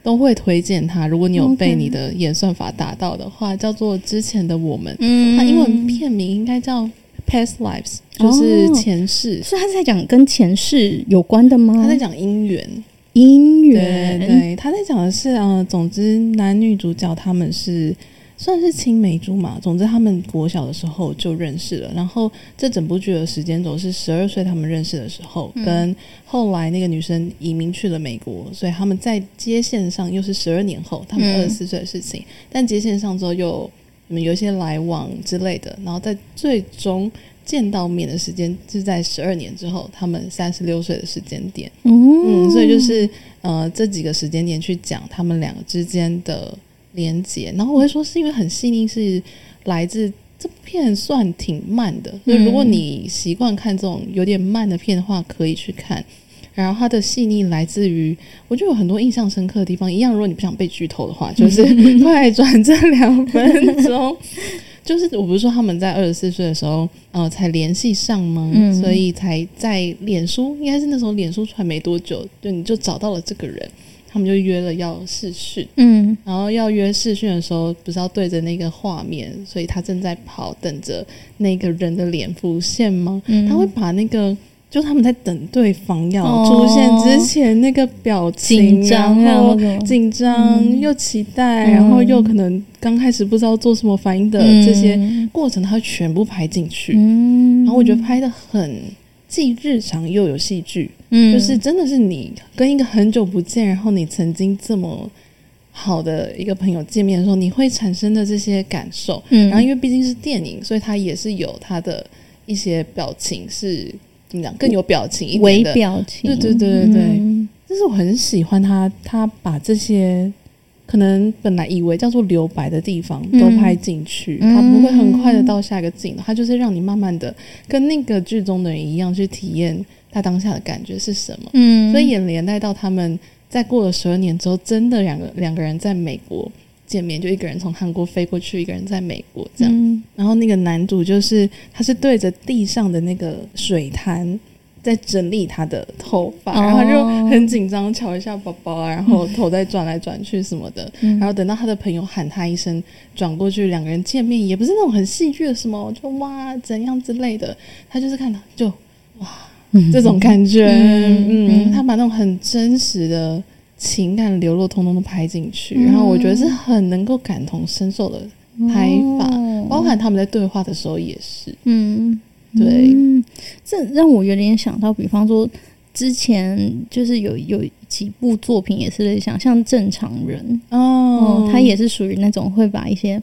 S1: 都會推薦它。如果你有被你的演算法打到的話，Okay. 叫做《之前的我們》，嗯，嗯，它英文片名應該叫 Past Lives，就是前世。是、
S2: 哦、他在講跟前世有關的嗎？他在
S1: 講姻緣。音緣，對，他在講的是，啊、呃、總之男女主角他們是算是青梅竹馬，總之他們國小的時候就認識了，然後這整部劇的時間軸是十二歲他們認識的時候，跟後來那個女生移民去了美國，所以他們在接線上又是十二年後，他們二十四歲的事情，嗯、但接線上之後又有一些來往之類的，然後在最終。見到面的時間是在十二年之後，他們三十六歲的時間點。哦、嗯，所以就是呃這幾個時間點去講他們兩個之間的連接。然後我會說是因為很細膩，是來自這部片算挺慢的。嗯、所以如果你習慣看這種有點慢的片的話，可以去看。然後它的細膩來自於，我就有很多印象深刻的地方。一樣，如果你不想被劇透的話，就是快轉這兩分鐘。 [LAUGHS] [LAUGHS] 就是我不是說他們在二十四歲的時候，呃，才聯繫上嗎？嗯、所以才在臉書，應該是那時候臉書出來沒多久，就你就找到了這個人，他們就約了要視訊，嗯，然後要約視訊的時候，不是要對着那個畫面，所以他正在跑，等着那個人的臉浮現嗎？嗯、他會把那個。就他們在等對方要出現之前，那個表情、哦、然後緊張、嗯、又期待，嗯、然後又可能剛開始不知道做什麼反應的這些過程，他會全部拍進去。嗯、然後我覺得拍的很既日常又有戲劇，嗯、就是真的是你跟一個很久不見，然後你曾經這麼好的一個朋友見面的時候，你會產生的這些感受。嗯、然後因為畢竟是電影，所以他也是有他的一些表情是。怎麼講更有表情一點，微表情。對對對對對，就、嗯、是我很喜歡他，他把這些可能本來以為叫做留白的地方都拍進去，嗯、他不會很快的到下一個鏡頭，他就是讓你慢慢的跟那個劇中的人一樣去體驗他當下的感覺是什麼。嗯，所以也連帶到他們在過了十二年之後，真的兩個兩個人在美國，見面，就一個人從韓國飛過去，一個人在美國這樣。嗯、然後那個男主就是他是對着地上的那個水潭在整理他的頭髮，哦、然後就很緊張瞧一下寶寶啊，然後頭再轉來轉去什麼的。嗯、然後等到他的朋友喊他一聲，轉過去兩個人見面，也不是那種很戲劇的什麼，就哇怎樣之類的。他就是看到就哇、嗯、哼這種感覺，嗯，嗯嗯嗯他把那種很真實的。情感流露，通通都拍進去，然後我覺得是很能夠感同身受的拍法，嗯、包含他們在對話的時候也是。嗯，
S2: 對嗯，這讓我有點想到，比方說之前就是有有幾部作品也是類似，像《正常人》
S1: 哦，他、嗯、也是
S2: 屬於那種會把一些，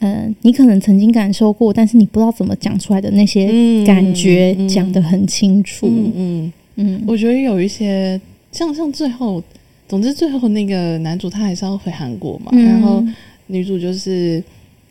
S2: 呃，你可能曾經感受過，但是你不知道怎麼講出來的那些感覺講得很清楚。嗯嗯，嗯嗯嗯
S1: 嗯我覺得有一些像像最後。總之，最後那個男主他還是要回韓國嘛，嗯、然後女主就是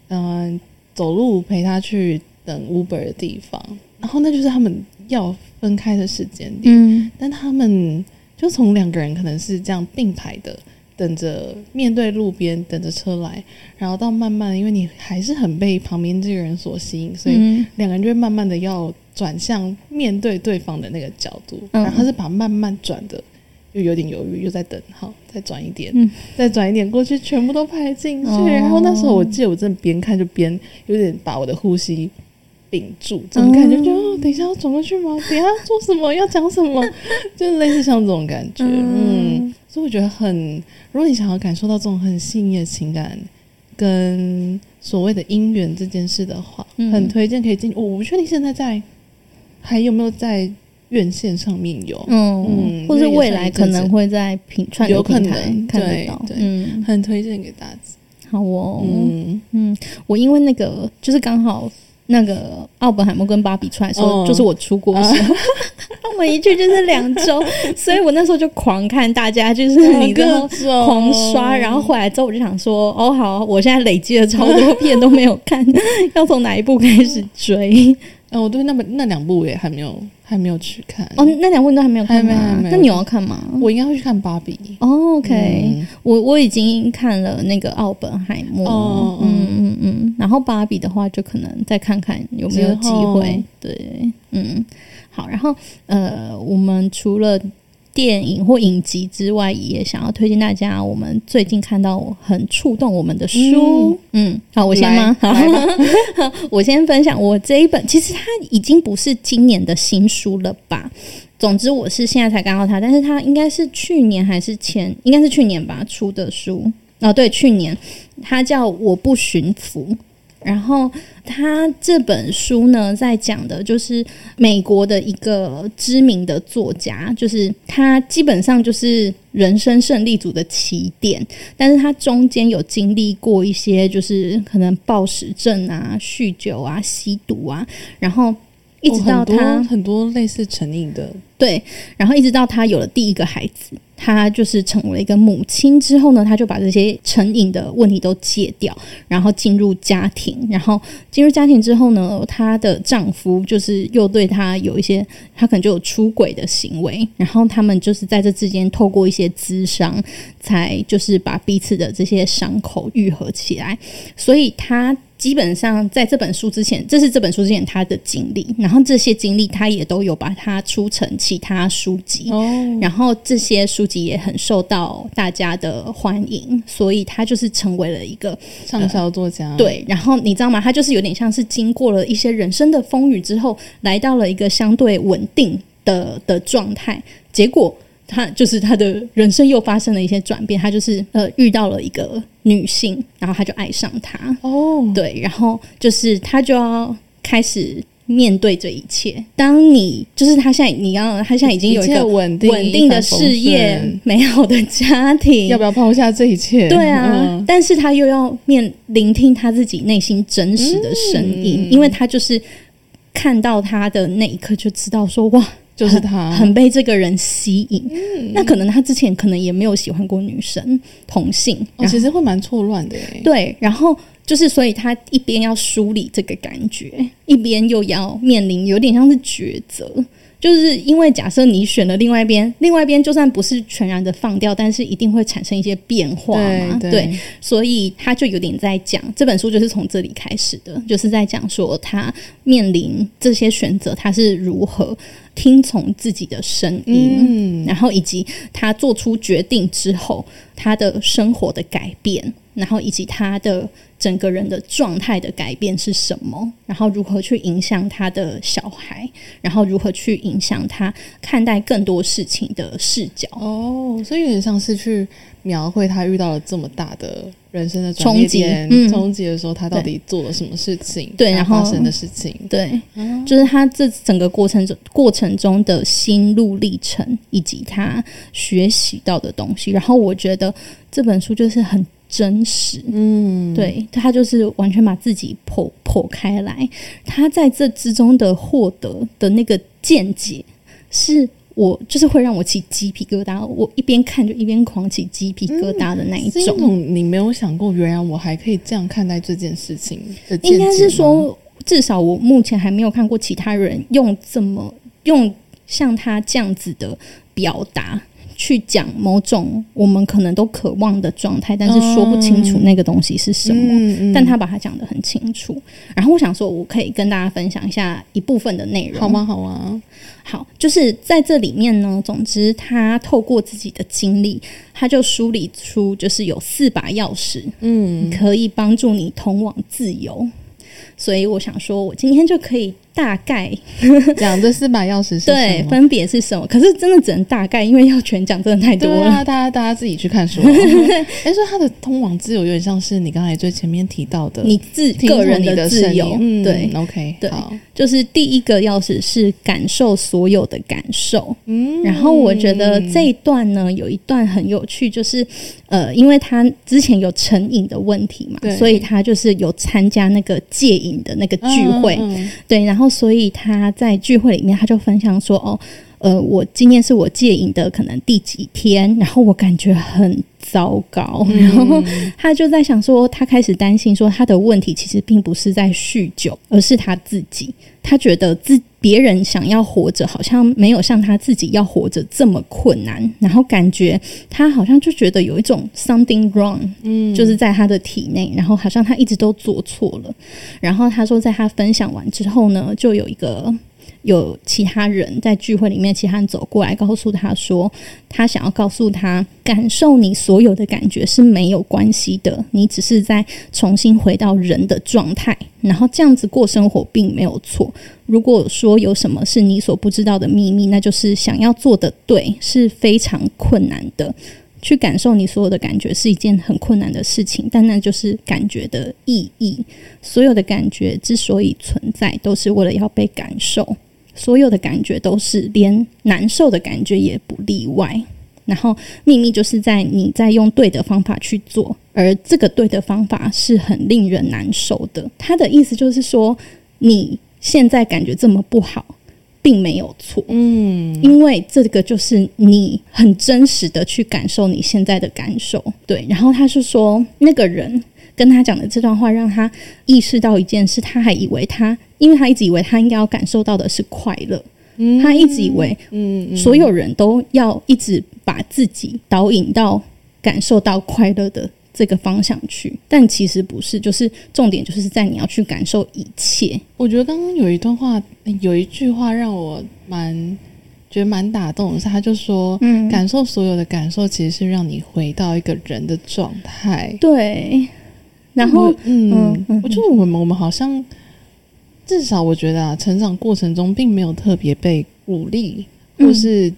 S1: 嗯、呃、走路陪他去等 Uber 的地方，然後那就是他們要分開的時間點。嗯、但他們就從兩個人可能是這樣並排的等着面對路邊等着車來，然後到慢慢，因為你還是很被旁邊這個人所吸引，所以兩個人就會慢慢的要轉向面對對方的那個角度，然後是把慢慢轉的。又有點猶豫，又在等，好，再轉一點，嗯、再轉一點過去，全部都拍進去。哦、然後那時候我記得，我真的邊看就邊有點把我的呼吸屏住，這種感覺，就覺、嗯、等一下要轉過去嗎？等一下要做什麼？要講什麼？就是類似像這種感覺，嗯，嗯所以我覺得很，如果你想要感受到這種很細膩的情感跟所謂的姻緣這件事的話，嗯、很推薦可以進、哦。我不確定現在在還有沒有在。院線上面有，嗯，或者是未來可能會在品串有可能，看得到，嗯，很推薦給大家。好我，嗯嗯，
S2: 我因為那個就是剛好那個奧本海默跟芭比出來的時候，就是我出國的時候，我們一去就是兩週，所以我那時候就狂看大家，就是一個狂刷，然後回來之後我就想說，哦好，我現在累積了超多片
S1: 都沒有看，要從哪一部開始追？哦，對，那兩部我也還沒有，還沒有去看。
S2: 哦，那兩部你都還沒有看嗎？還沒，還沒，那你要看
S1: 嗎？我應該會去看《芭比》。OK。
S2: 嗯。我我已經看了那個《奧本海默》哦，嗯。嗯嗯嗯。然後《芭比》的話，就可能再看看有沒有機會。然後，對，嗯，好。然後呃，我們除了。電影或影集之外，也想要推薦大家我們最近看到很觸動我們的書。嗯，嗯好，我先嗎？來好， [LAUGHS] 好，我先分享我這一本，其實它已經不是今年的新書了吧？總之，我是現在才看到它，但是它應該是去年還是前，應該是去年吧，出的書。哦，對，去年它叫《我不馴服》。然後他這本書呢，在講的就是美國的一個知名的作家，就是他基本上就是人生勝利組的起點，但是他中間有經歷過一些，就是可能暴食症啊、酗酒啊、吸毒啊，然後一直到他、哦、很多、很多類似成癮的，對，然後一直到他有了第一個孩子。她就是成為了一個母親之後呢，她就把這些成癮的問題都戒掉，然後進入家庭。然後進入家庭之後呢，她的丈夫就是又對她有一些，她可能就有出軌的行為。然後他們就是在這之間透過一些諮商，才就是把彼此的這些傷口癒合起來。所以她。基本上，在這本書之前，這是這本書之前他的經歷，然後這些經歷他也都有把它出成其他書籍，oh. 然後這些書籍也很受到大家的歡迎，所以他就是成為了一個暢銷作家，呃。對，然後你知道嗎？他就是有點像是經過了一些人生的風雨之後，來到了一個相對穩定的的狀態，結果。他就是他的人生又發生了一些轉變，他就是呃遇到了一個女性，然後他就愛上她哦，oh. 對，然後就是他就要開始面對這一切。當你就是他現在你要他現在已經有一個穩定穩定的事業、美好的家庭，要不要
S1: 拋下這一切？對啊，嗯、
S2: 但是他又要面聆聽他自己內心真實的聲音，嗯、因為他就是看到他的那一刻就知道說哇。就是他很被這個人吸引，嗯、那可能他之前可能也沒有喜歡過女生，同性，哦、然後、其實
S1: 會蠻錯亂
S2: 的。對，然後就是，所以他一邊要梳理這個感覺，一邊又要面臨有點像是抉擇。就是因為假設你選了另外一邊，另外一邊就算不是全然的放掉，但是一定會產生一些變化嘛，對，對，對，所以他就有點在講這本書，就是從這裡開始的，就是在講說他面臨這些選擇，他是如何聽從自己的聲音，嗯，然後以及他做出決定之後，他的生活的改變。然後以及他的整個人的狀態的改變是什麼？然後如何去影響他的小孩？然後如何去影響他看待更多事情的視角？哦，所以有點像是去
S1: 描繪他遇到了這麼大的人生的衝擊，嗯、衝擊的時候他到底做了什麼事情？對，然後發生的事情，對，嗯、
S2: 就是他這整個過程中過程中的心路歷程，以及他學習到的東西。然後我覺得這本書就是很。真實，嗯，對，他就是完全把自己剖剖開來，他在這之中的獲得的那個見解，是我就是會讓我起雞皮疙瘩，我一邊看就一邊狂
S1: 起雞皮疙瘩的那一種。嗯，你沒有想過，原來我還可以這樣看待這件事情。應該是說，
S2: 至少我目前還沒有看過其他人用這麼用像他這樣子的表達去講某種我們可能都渴望的狀態，但是說不清楚那個東西是什麼。哦，嗯，嗯。但他把它講得很清楚。然後我想說，我可以跟大家分享一下一部分的內容，好嗎？好啊。好，就是在這裡面呢，總之他透過自己的經歷，他就梳理出就是有四把鑰匙，嗯，可以幫助你通往自由。所以我想說，我今天就可以大概講 [LAUGHS] 這四把鑰匙是對，分別是什麼？可是真的只能大概，因為要全講真的太多了，啊、大家大家自己
S1: 去看書。但是他的通往自由有點像是你剛才最前面提到的，你自個人的自由。對、嗯、，OK，
S2: 對，好，就是第一個鑰匙是感受所有的感受。
S1: 嗯，然後我覺得
S2: 這一段呢，有一段很有趣，就是呃，因為他之前有成癮的問題嘛，對所以他就是有參加那個戒癮的那個聚會。嗯嗯對，然後。所以他在聚會裡面，他就分享說：“哦，呃，我今天是我戒癮的可能第幾天，然後我感覺很糟糕，嗯、然後他就在想說，他開始擔心說，他的問題其實並不是在酗酒，而是他自己。”他覺得自別人想要活着好像沒有像他自己要活着這麼困難，然後感覺他好像就覺得有一種 something wrong，嗯，
S1: 就是在
S2: 他的體內，然後好像他一直都做錯了，然後他說在他分享完之後呢，就有一個。有其他人在聚會裡面，其他人走過來，告訴他說：“他想要告訴他，感受你所有的感覺是沒有關係的，你只是在重新回到人的狀態，然後這樣子過生活並沒有錯。如果說有什麼是你所不知道的祕密，那就是想要做得對是非常困難的。去感受你所有的感覺是一件很困難的事情，但那就是感覺的意義。所有的感覺之所以存在，都是為了要被感受。”所有的感覺都是，連難受的感覺也不例外。然後秘密就是在你在用對的方法去做，而這個對的方法是很令人難受的。他的意思就是說，你現在感覺這麼不好，並沒有錯。嗯，因為這個就是你很真實的去感受你現在的感受。對，然後他是說那個人。跟他講的這段話讓他意識到一件事，他還以為他，因為他一直以為他應該要感受到的是快樂，嗯，他一直以為，嗯，所有人都要一直把自己導引到感受到快樂的這個方向去，但其實不是，就是重點就是在你要去感受一切。
S1: 我覺得剛剛有一段話，有一句話讓我蠻覺得蠻打動的，是他就說，嗯，感受所有的感受其實是讓你回到一個人的狀態，對。然後，嗯，嗯，我覺得我們、嗯、我們好像，至少我覺得啊，成長過程中並沒有特別被鼓勵，或是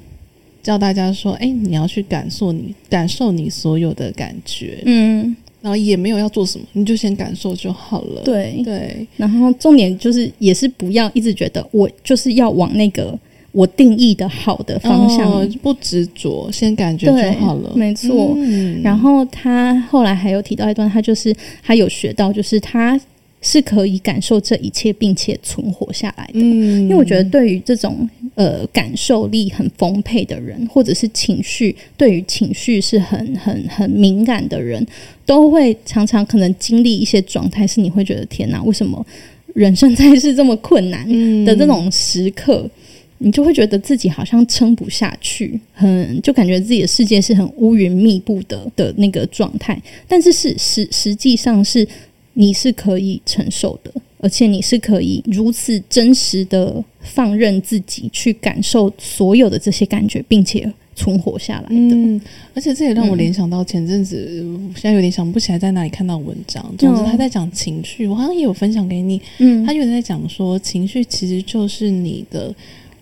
S1: 叫大家說，哎、欸，你要去感受你感受你所有的感覺，嗯，然後也沒有要做什麼，你就先感受就好了，對對。對
S2: 然後重點就是也是不要一直覺得我就是要往那個。我定義的好的方向，哦、不執着，先感覺就好了，沒錯。嗯、然後他後來還有提到一段，他就是他有學到，就是他是可以感受這一切，並且存活下來的。嗯、因為我覺得對於這種呃感受力很豐沛的人，或者是情緒對於情緒是很很很敏感的人，都會常常可能經歷一些狀態，是你會覺得天哪，為什麼人生在世這麼困難的這種時刻。嗯你就會覺得自己好像撐不下去，很就感覺自己的世界是很烏雲密佈的的那個狀態。但是是實實際上是你是可以承受的，而且你是可以如此真實的放任自己去
S1: 感受所有的這些感覺，並且存活下來的。嗯，而且這也讓我聯想到前陣子，嗯，現在有點想不起來在哪裡看到文章。這樣子他在講情緒，我好像也有分享給你。嗯，他就在講說，情緒其實就是你的。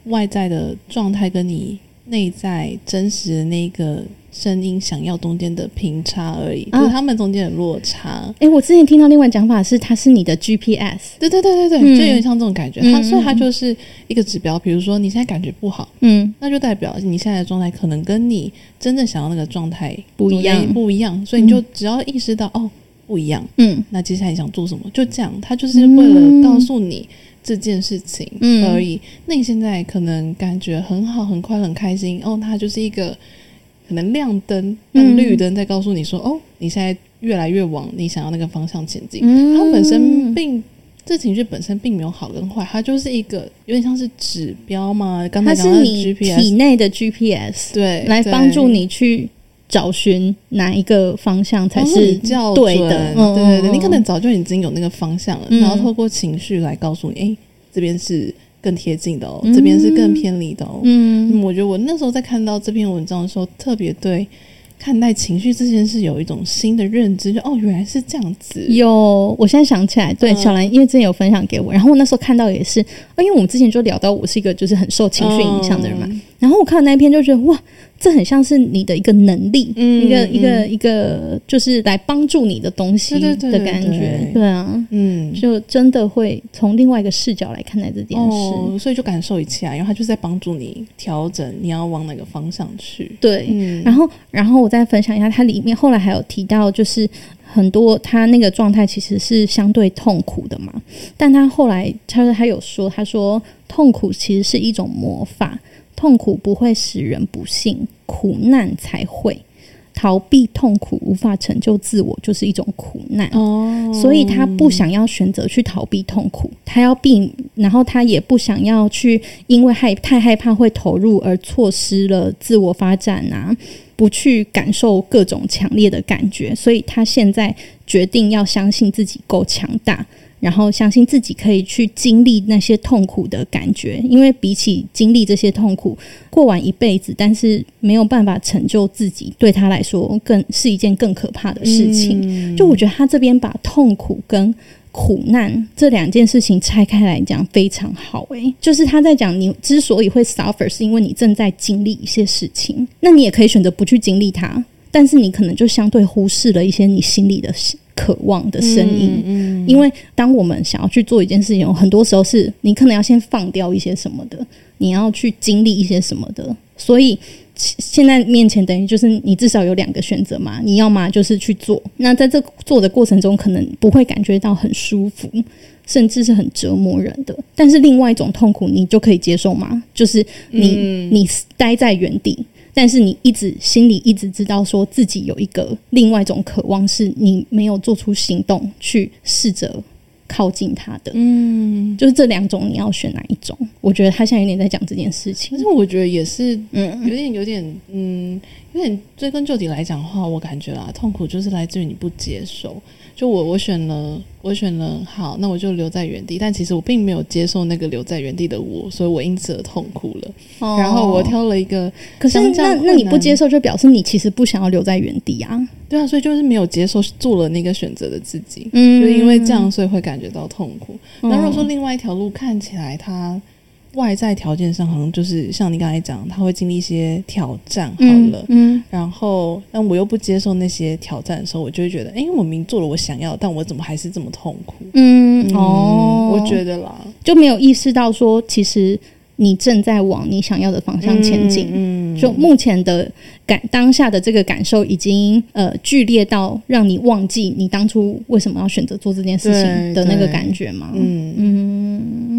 S1: 外在的狀態跟你內在真實的那個聲音想要中間的平差而已，就、哦、是他們中間的落差。誒、
S2: 欸，我之前聽到另外講法是，它是你的
S1: GPS。對對對對對，就有點像這種感覺。嗯、它所以它就是一個指標。比如說你現在感覺不好，嗯，那就代表你現在的狀態可能跟你真正想要那個狀態不一樣，不一樣。所以你就只要意識到、嗯、哦，不一樣，嗯，那接下來你想做什麼？就這樣，它就是為了告訴你。嗯這件事情而已，嗯、那你現在可能感覺很好、很快、很開心哦，它就是一個可能亮燈、綠燈在告訴你說，嗯、哦，你現在越來越往你想要那個方向前進。嗯、它本身並這情緒本身並沒有好跟壞，它就是一個有點像是指標嘛。剛才講的 GPS，它是你
S2: 體內的 GPS，對，對來幫助你去。找尋哪一個方向才是比較對的？哦、對對的、嗯、你可能早
S1: 就已經有那個方向了，嗯、然後透過情緒來告訴你：哎，這邊是更貼近的哦，嗯、這邊是更偏離的、哦、嗯，嗯，嗯，我覺得我那時候在看到這篇文章的時候，特別對看待情緒這件事有一種新的認知，就哦，原來是這樣子。有，
S2: 我現在想起來，對、嗯、小蘭，因為之前有分享給我，然後我那時候看到也是，哦、因為我們之前就聊到我是一個就是很受情緒影響的人嘛，嗯、然後我看到那一篇就覺得哇。這很像是你的一個能力，一個一個一個，就是來幫助你的東西的感覺，對啊，嗯，就真的會從另外一個視角來看待這件事，
S1: 哦，所以就感受一下，然後他就在幫助你調整你要往哪個方向去，對，嗯，然
S2: 後然後我再分享一下，它裡面後來還有提到，就是很多他那個狀態其實是相對痛苦的嘛，但他後來他說他有說，他說痛苦其實是一種魔法。痛苦不會使人不幸，苦難才會。逃避痛苦無法成就自我，就是一種苦難。哦，oh. 所以他不想要選擇去逃避痛苦，他要避，然後他也不想要去因為害太害怕會投入而錯失了自我發展啊，不去感受各種強烈的感覺，所以他現在決定要相信自己夠強大。然後相信自己可以去經歷那些痛苦的感覺，因為比起經歷這些痛苦，過完一輩子但是沒有辦法成就自己，對他來說更是一件更可怕的事情。嗯、就我覺得他這邊把痛苦跟苦難這兩件事情拆開來講非常好、欸，誒，就是他在講你之所以會 suffer，是因為你正在經歷一些事情，那你也可以選擇不去經歷它，但是你可能就相對忽視了一些你心裡的事。渴望的聲音，嗯嗯、因為當我們想要去做一件事情，很多時候是你可能要先放掉一些什麼的，你要去經歷一些什麼的。所以現在面前等於就是你至少有兩個選擇嘛，你要麼就是去做，那在這做的過程中可能不會感覺到很舒服，甚至是很折磨人的。但是另外一種痛苦你就可以接受嘛，就是你、嗯、你待在原地。但是你一直心裡一直知道，說自己有一個另外一種渴望，是你沒有做出行動去試着靠近他的。嗯，就是這兩種，你要選哪一種？我覺得他現在有點在講這件事
S1: 情。可是我覺得也是有點有點，嗯，嗯，有點，有點，嗯，有點追根究底來講的話，我感覺啦、啊，痛苦就是來自於你不接受。就我，我選了，我選了好，那我就留在原地。但其實我並沒有接受那個留在原地的我，所以我因此而痛苦了。
S2: 哦、然後我挑了一個，可是那那，你不接受，就表示你其實不想要留在原地
S1: 啊？對啊，所以就是沒有接受做了那個選擇的自己，嗯，就是因為這樣，所以會感覺到痛苦。那如果說另外一條路、嗯、看起來它。外在條件上，好像就是像你剛才講，他會經歷一些挑戰，好了，嗯，嗯然後，但我又不接受那些挑戰的時候，我就會覺得，哎，我明明做了我想要，但我怎麼還是這麼痛苦？嗯，嗯
S2: 哦，我覺得啦，就沒有意識到說，其實你正在往你想要的方向前進，嗯。嗯，就目前的感當下的這個感受，已經呃劇烈到讓你忘記你當初為什麼要選擇做這件事情的那個感覺嗎？嗯嗯。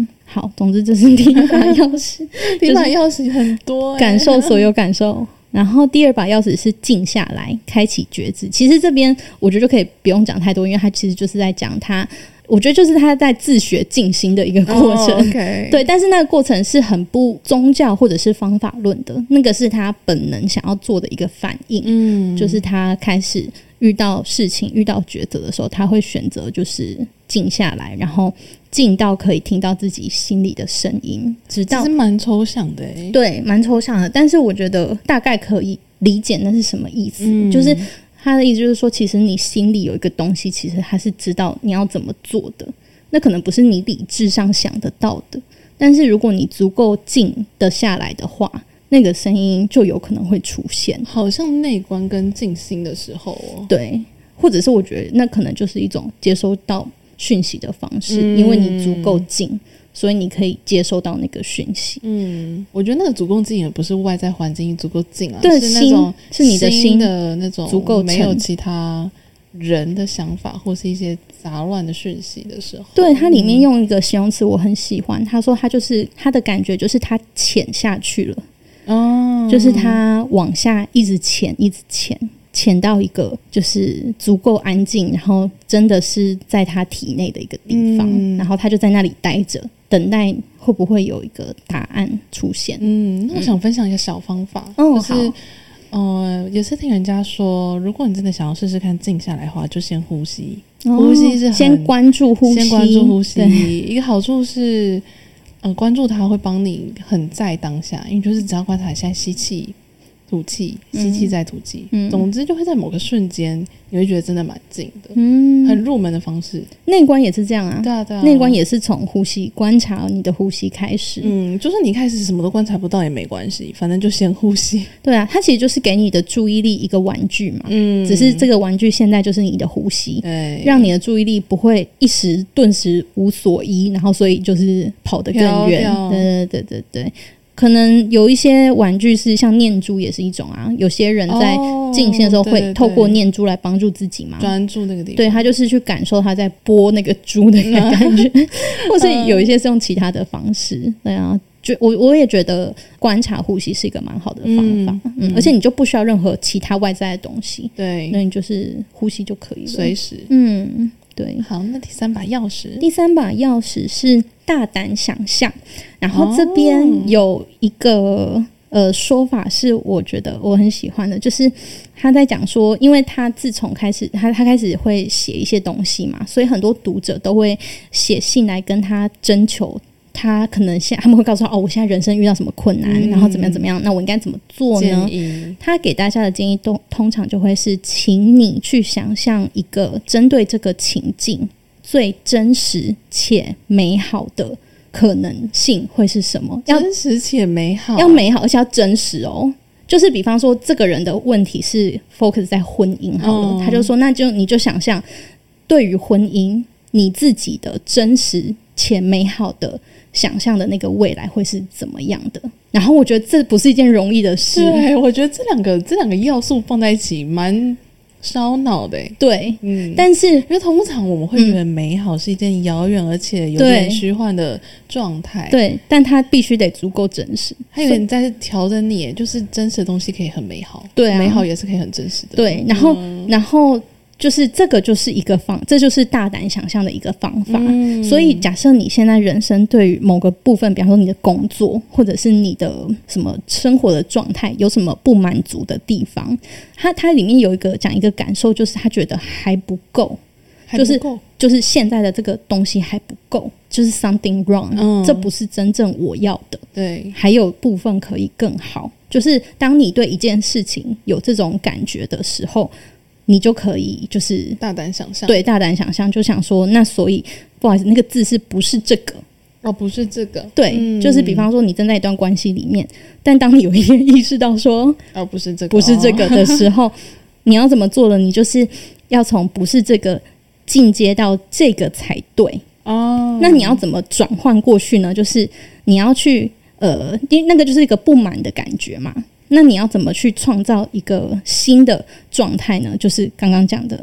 S2: 嗯好，總之這是第一把鑰匙，第一把鑰匙很多，感受所有感受。 [LAUGHS] 然後第二把鑰匙是靜下來，開啟覺知。其實這邊我覺得就可以不用講太多，因為他其實就是在講他，我覺得就是他在自學靜心的一個過程。Oh, okay. 對，但是那個過程是很不宗教或者是方法論的，那個是他本能想要做的一個反應，嗯，就是他開始。遇到事情、遇到抉擇的時候，他會選擇就是靜下來，然後靜到可以聽到自己心裡的聲音。
S1: 知道。其實蠻抽象的、欸，對，
S2: 蠻抽象的。但是我覺得大概可以理解那是什麼意思。嗯、就是他的意思，就是說，其實你心裡有一個東西，其實還是知道你要怎麼做的。那可能不是你理智上想得到的，但是如果你足夠靜得下來的話。那個聲音就有可能會出現，好像內觀跟靜心的
S1: 時候哦。對，
S2: 或者是我覺得那可能就是一種接收到訊息的方式，嗯、因為你足夠靜，所以你可以接收到那個訊息。
S1: 嗯，我覺得那個足夠靜也不是外在環境足夠靜啊，對是那種是你的心，心的那種足夠，沒有其他人的想法或是一些雜亂的訊息的時候。對，它裡
S2: 面用一個形容詞我很喜歡，他說他就是他的感覺就是他潛下去了。哦，就是他往下一直潛，一直潛，潛到一個就是足夠安靜，然後真的是在他體內的一個地方，嗯、然後他就在那裡待着，等待會不會有一個答案出現。
S1: 嗯，那我想分享一個小方法，嗯，就是嗯呃，也是聽人家說，如果你真的想要試試看靜下來的話，就先呼吸，呼吸是先關注呼吸，先關注呼吸，嗯、對，一個好處是。呃，關注他會幫你很在當下，因為就是只要觀察現在吸氣，吐氣，吸氣，再吐氣。嗯，總之就會在某個瞬間，你會覺得真的蠻近的。嗯，很入門的方式，
S2: 內觀也是這樣啊。對啊，對啊，
S1: 內觀也是從呼
S2: 吸觀察你的呼吸開始。嗯，就
S1: 算、是、你一開始什麼都觀察不到也沒關係，反正就先呼吸。對啊，它其實就是給你的注意力一個玩具嘛。嗯，
S2: 只是這個玩具現在就是你的呼吸，對讓你的注意力不會一時頓時無所依，然後所以就是跑得更遠。飄飄對對對對對。可能有一些玩具是像念珠，也是一種啊，有些人在進行的時候會透過念珠來幫助自己嘛、哦，專注那個地方。對他就是去感受他在撥那個珠的感覺，啊、 [LAUGHS] 或是有一些是用其他的方式。嗯、對啊，就我我也覺得觀察呼吸是一個蠻好的方法、嗯嗯，而且你就不需要任何其他外在的東西，對，那你就是呼吸就可以了，隨時，嗯。對，好，那第三把鑰匙，第三把鑰匙是大膽想象。然後這邊有一個、oh. 呃，說法，是我覺得我很喜歡的，就是他在講說，因為他自從開始，他他開始會寫一些東西嘛，所以很多讀者都會寫信來跟他徵求、他可能現他們會告訴他哦，我現在人生遇到什麼困難，嗯、然後怎麼樣怎麼樣，那我應該怎麼做呢？建議，他給大家的建議都通常就會是，請你去想象一個針對這個情境最真實且美好的可能性會是什麼？要真實且美好，啊，要美好而且要真實哦。就是比方說，這個人的問題是 focus 在婚姻好了，哦，他就說，那就你就想象對於婚姻你自己的真實，且美好的想象的那個未來會是怎麼樣的？然後
S1: 我覺得這不是一件容易的事。對，我覺得這兩個這兩個要素放在一起蠻燒腦的。對，嗯，但是因為通常我們會覺得美好是一件遙遠而且有點虛幻的狀態。對，對，
S2: 但它必須得足夠真實。它有點
S1: 在調整你，所以就是真實的東西可以很美好，對啊，美好也是可以很真實的。對，然後、嗯、
S2: 然後。就是這個，就是一個方，這就是大膽想象的一個方法。嗯、所以，假設你現在人生對於某個部分，比方說你的工作，或者是你的什麼生活的狀態，有什麼不滿足的地方，他他裡面有一個講一個感受，就是他覺得還不夠，就是還不夠，就是現在的這個東西還不夠，就是 something wrong、嗯。這不是真正我要的。對，還有部分可以更好。就是當你對一件事情有這種感覺的時候。你就可以就是大膽想象，對，大膽想象，就想說那所以不好意思，那個字是不是這個？哦，不是這個，對，嗯、就是比方說你正在一段關係裡面，但當你有一天意識到說
S1: 哦，不是這個，不是這個的時
S2: 候，哦、 [LAUGHS] 你要怎麼做了？你就是要從不是這個進階到這個才對哦。那你要怎麼轉換過去呢？就是你要去呃，因為那個就是一個不滿的感覺嘛。那你要怎麼去創造一個新的狀態呢？就是剛剛講的，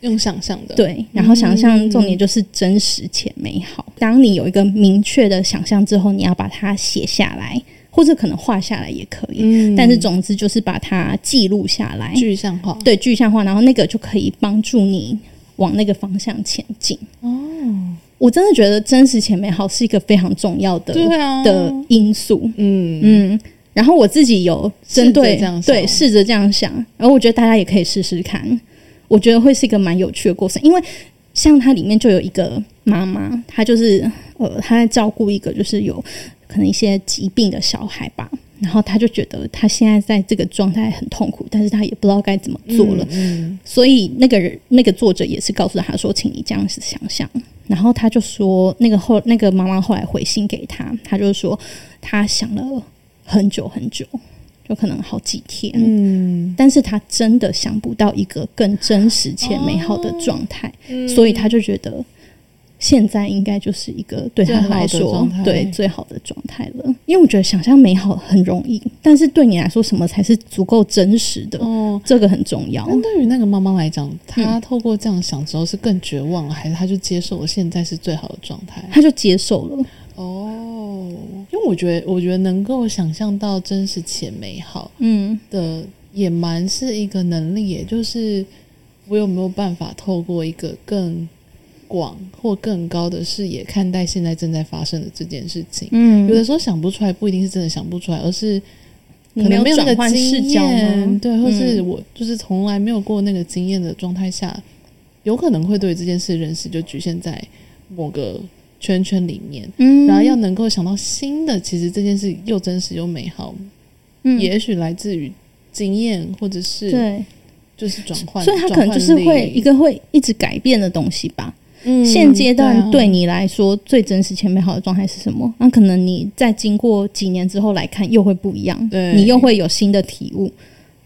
S1: 用想象的對，然後想象重點就
S2: 是真實且美好。嗯嗯嗯，當你有一個明確的想象之後，你要把它寫下來，或者可能畫下來也可以。嗯嗯，但是總之就是把它記錄下來，具象化。對，具象化，然後那個就可以幫助你往那個方向前進。哦，我真的覺得真實且美好是一個非常重要的、對啊、的因素。嗯嗯。嗯然後我自己有針對這樣，對，試着這樣想，然後我覺得大家也可以試試看，我覺得會是一個蠻有趣的過程。因為像他裡面就有一個媽媽，她就是呃她在照顧一個就是有可能一些疾病的小孩吧，然後她就覺得她現在在這個狀態很痛苦，但是她也不知道該怎麼做了。嗯嗯。所以那個人那個作者也是告訴他說，請你這樣子想想。然後他就說，那個後那個媽媽後來回信給他，他就說他想了。很久很久，就可能好幾天。嗯，但是他真的想不到一個更真實且美好的狀態，哦嗯、所以他就覺得現在應該就是一個對他來說對最好的狀態了。因為我覺得想象美好很容易，但是對你來說，什麼才是足夠真實的？哦，這個很重要。但
S1: 對於那個媽媽來講，她透過這樣想之後，是更絕望了，嗯、還是他就接受了現在是最好的狀態？他就接受了。哦，oh, 因為我覺得，我覺得能夠想象到真實且美好，嗯，的也蠻是一個能力。也、嗯、就是我有沒有辦法透過一個更廣或更高的視野看待現在正在發生的這件事情？嗯，有的時候想不出來，不一定是真的想不出來，而是可能沒有轉換視角。對，或是我就是從來沒有過那個經驗的狀態下，嗯、有可能會對這件事認識就局限在某個。圈圈裡面，嗯，然後要能夠想到新的，其實這件事又真實又美好，嗯，也許來自於經驗或者是對，就是轉換，所以它可能就是會
S2: 一個會一直改變的東西吧。嗯，現階段對你來說，嗯啊，最真實，且美好的狀態是什麼？那，啊，可能你再經過幾年之後來看，又會
S1: 不一樣，對，你又會有新的體悟，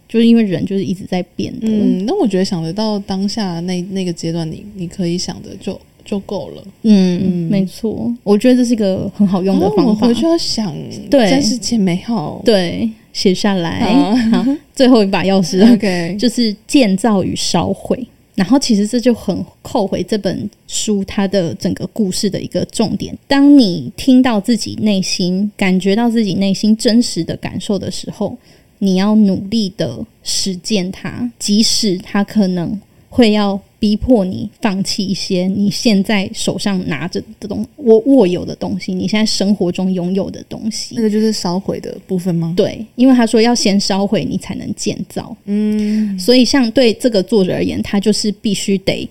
S1: 就是因為人就是一直在變的，嗯，那我覺得想得到當下那那個階段，你你可以想的就，就夠了。嗯，沒錯，我覺得這是一個很好用的方法。哦、我，我就要想，對，但是寫美好，
S2: 對，寫下來。啊、好，最後一把鑰匙，OK， [LAUGHS] 就是建造與燒毀。Okay 然後，其實這就很扣回這本書它的整個故事的一個重點。當你聽到自己內心，感覺到自己內心真實的感受的時候，你要努力的實踐它，即使它可能。會要逼迫你放棄一些你現在手上拿着的東握握有的東西，你現在生活中擁有的東西，那個就是燒毀的部分嗎？對，因為他說要先燒毀你才能建造。嗯，所以像對這個作者而言，他就是必須得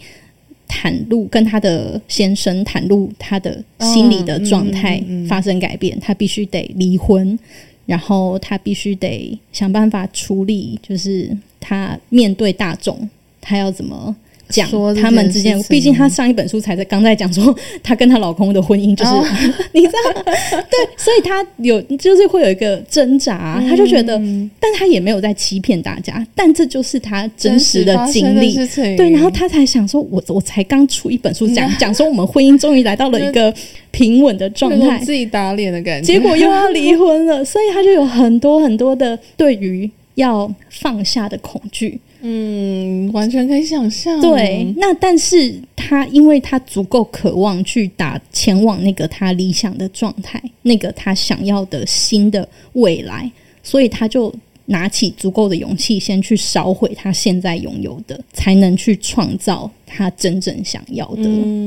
S2: 袒露，跟他的先生袒露他的心理的狀態發生改變，哦嗯嗯嗯、他必須得離婚，然後他必須得想辦法處理，就是他面對大眾。她要怎麼講？他們之間，畢竟她上一本書才在剛在講說，她跟她老公的婚姻就是，哦、 [LAUGHS] 你知道， [LAUGHS] 對，所以她有就是會有一個掙扎，啊，她、嗯、就覺得，但她也沒有在欺騙大家，但這就是她真實的經歷，對，然後她才想說我，我我才剛出一本書，講講、嗯、說我們婚姻終於來到了一個平穩的狀態，自
S1: 己打臉的感覺，結果又要離
S2: 婚了， [LAUGHS] 所以她就有很多很多的對於要放下的恐懼。嗯，完
S1: 全可以想象。對，
S2: 那但是他因為他足夠渴望去打前往那個他理想的狀態，那個他想要的新的未來，所以他就拿起足夠的勇氣，先去燒毀他現在擁有的，才能去創造他真正想要的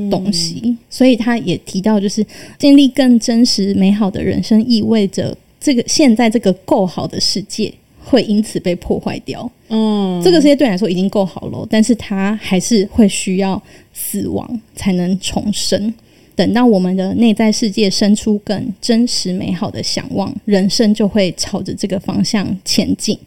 S2: 東西。嗯，所以他也提到，就是建立更真實、美好的人生，意味着這個現在這個夠好的世界，會因此被破壞掉。嗯
S1: ，oh. 這個
S2: 世界對你來說已經夠好了，但是它還是會需要死亡才能重生。等到我們的內在世界生出更真實美好的向往，人生就會朝着這個方向前進。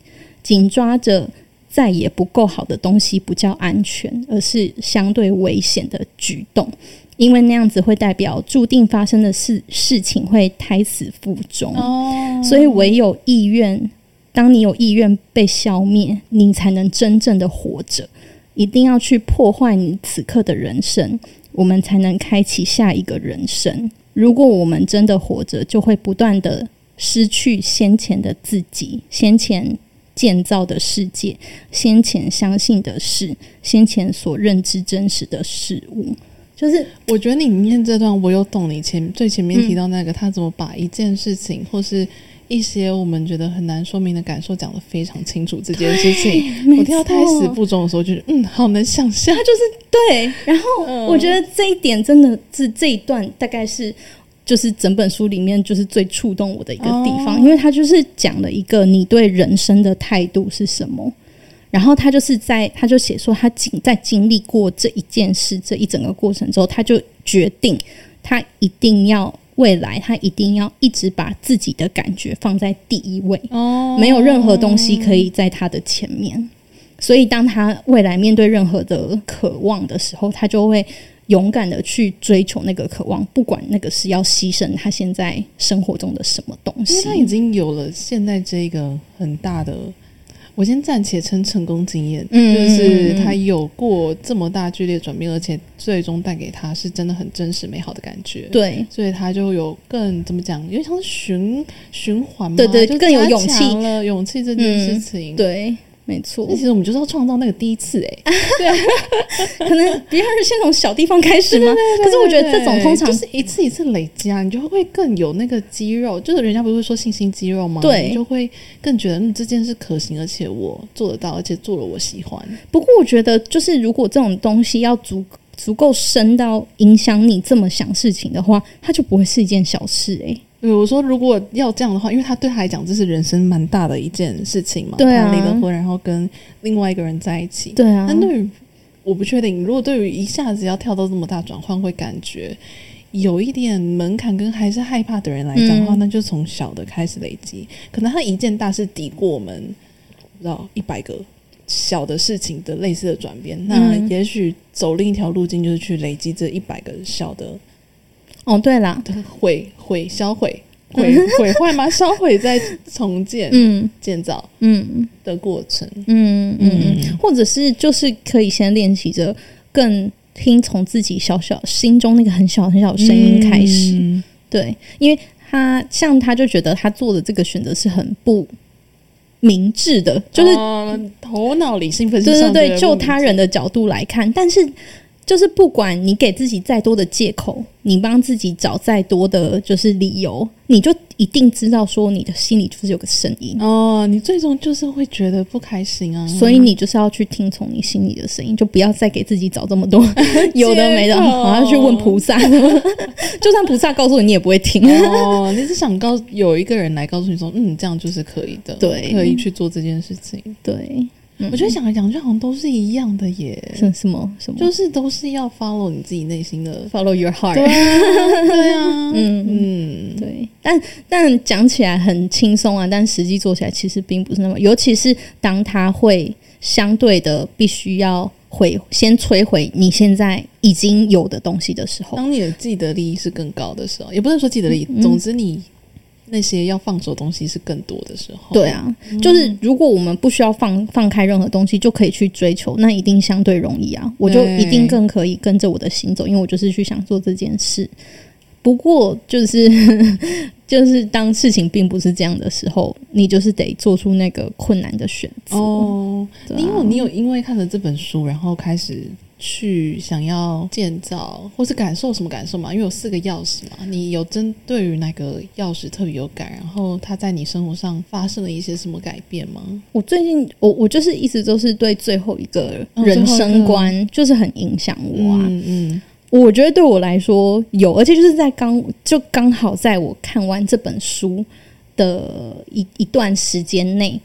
S2: 緊抓着再也不夠好的東西，不叫安全，而是相對危險的舉動，因為那樣子會代表注定發生的事事情會胎死腹中。哦，oh. 所以唯有意願。當你有意願被消滅，你才能真正的活着。一定要去破壞你此刻的人生，我們才能開啟下一個人生。如果我們真的活着，就會不斷的失去先前的自己、先前建造的世界、先前相信的事、先前所認知真實的事物。
S1: 就是我覺得你念這段，我有懂你前最前面提到那個，嗯，他怎麼把一件事情或是。一些我們覺得很難說明的感受講得非常清楚這件事情，我聽到胎死腹中的時候就，就是嗯，好能想象，他就是
S2: 對。然後、嗯、我覺得這一點真的是這一段，大概是就是整本書裡面就是最觸動我的一個地方，哦、因為他就是講了一個你對人生的態度是什麼，然後他就是在他就寫說他經在經歷過這一件事這一整個過程之後，他就決定他一定要。未來，他一定要一直把自己的感覺放在第一位，
S1: 哦、沒有任何東西可以
S2: 在他的前面。所以，當他未來面對任何的渴望的時候，他就會勇敢的去追求那個渴望，不管那個是要犧牲他現在生活中的什麼東西。他已
S1: 經有了現在這個很大的。.我先暫且稱成功經驗，嗯嗯嗯，就是他有過這麼大劇烈轉變，而且最終帶給他是真的很真實美好的感覺。對，所以他就有更怎麼講，因為他是循循環嘛。對，對對，就加更有勇氣了。勇氣這件事情，嗯、對。沒錯，其實我們就是要創造那個第一次哎、欸，
S2: 啊、哈對，啊，可能別人先從小地方開始嗎？可是我覺得這種通常就
S1: 是一次一次累積啊，你就會更有那個肌肉，就是人家不是說信心肌肉嗎？對，你就會更覺得你、嗯、這件事可行，而且我做得到，而且做了我喜歡。不過我覺
S2: 得，就是如果這種東西要足足夠深到影響你這麼想事情的話，它就不會是一件小事哎、欸。
S1: 對我說，如果要這樣的話，因為他對他來講，這是人生蠻大的一件事情嘛。對啊，離了婚，然後跟另外一個人在一起。對啊，但對於我不確定，如果對於一下子要跳到這麼大轉換，會感覺有一點門檻跟還是害怕的人來講的話，嗯、那就從小的開始累積。可能他一件大事抵過我們，不知道一百個小的事情的類似的轉變。嗯、那也許走另一條路徑，就是去累積這一百個小的。哦，對了，毀毀，銷毀，毀毀壞嗎？銷毀再重建， [LAUGHS] 嗯，建造，嗯的過程，嗯嗯，嗯嗯或者是就是
S2: 可以先練習着更聽從自己小小心中那個很小的很小的聲音開始，嗯、對，因為他像他就覺得他做的這個選擇是很不明智的，就是、哦、
S1: 頭腦理性
S2: 分析上對，對對，就他人的角度來看，但是。就是不管你給自己再多的借口，你幫自己找再多的，就是理由，你就一定知道說你的心裡就是有個聲音
S1: 哦，你最終就是會覺得不開心啊。所以你
S2: 就是要去聽從你心裡的聲音，就不要再給自己找這麼多
S1: [LAUGHS] 有的沒的，我要去問
S2: 菩薩， [LAUGHS] 就算菩薩告訴你，你也不會聽。哦，你
S1: 是想告有一個人來告訴你說，嗯，這樣就是可以的，對，可以去做這件事情，對。我覺得講來講去好像都是一樣的耶，什什麼什麼，是是就是都是要 follow 你自己內心的 follow your heart，對啊，嗯、啊、 [LAUGHS] 嗯，嗯
S2: 對，但但講起來很輕鬆啊，但實際做起來其實並不是那麼，尤其是當它會相對的必須要毀，先摧毀你現在已經有的東西的時候，當你的
S1: 既得利益是更高的時候，也不能說既得利益，嗯嗯、總之你。那些要放手的東西是更多的時候。對啊，嗯、
S2: 就是如果我們不需要放放開任何東西，就可以去追求，那一定相對容易啊！對我就一定更可以跟着我的行走，因為我就是去想做這件事。不過，就是就是當事情並不是這樣的時候，你就是得做出那個困難的選
S1: 擇哦。啊、你有你有因為看了這本書，然後開始。去想要建造，或是感受什麼感受嘛？因為有四個鑰匙嘛，你有針對於哪個鑰匙特別有感，然後它在你生活上發生了一些什麼改變嗎？我
S2: 最近，我我就是一直都是對最後一個人生觀，就是很影響我。啊。
S1: 嗯、
S2: 哦，我覺得對我來說有，而且就是在剛就剛好在我看完這本書的一一段時間內，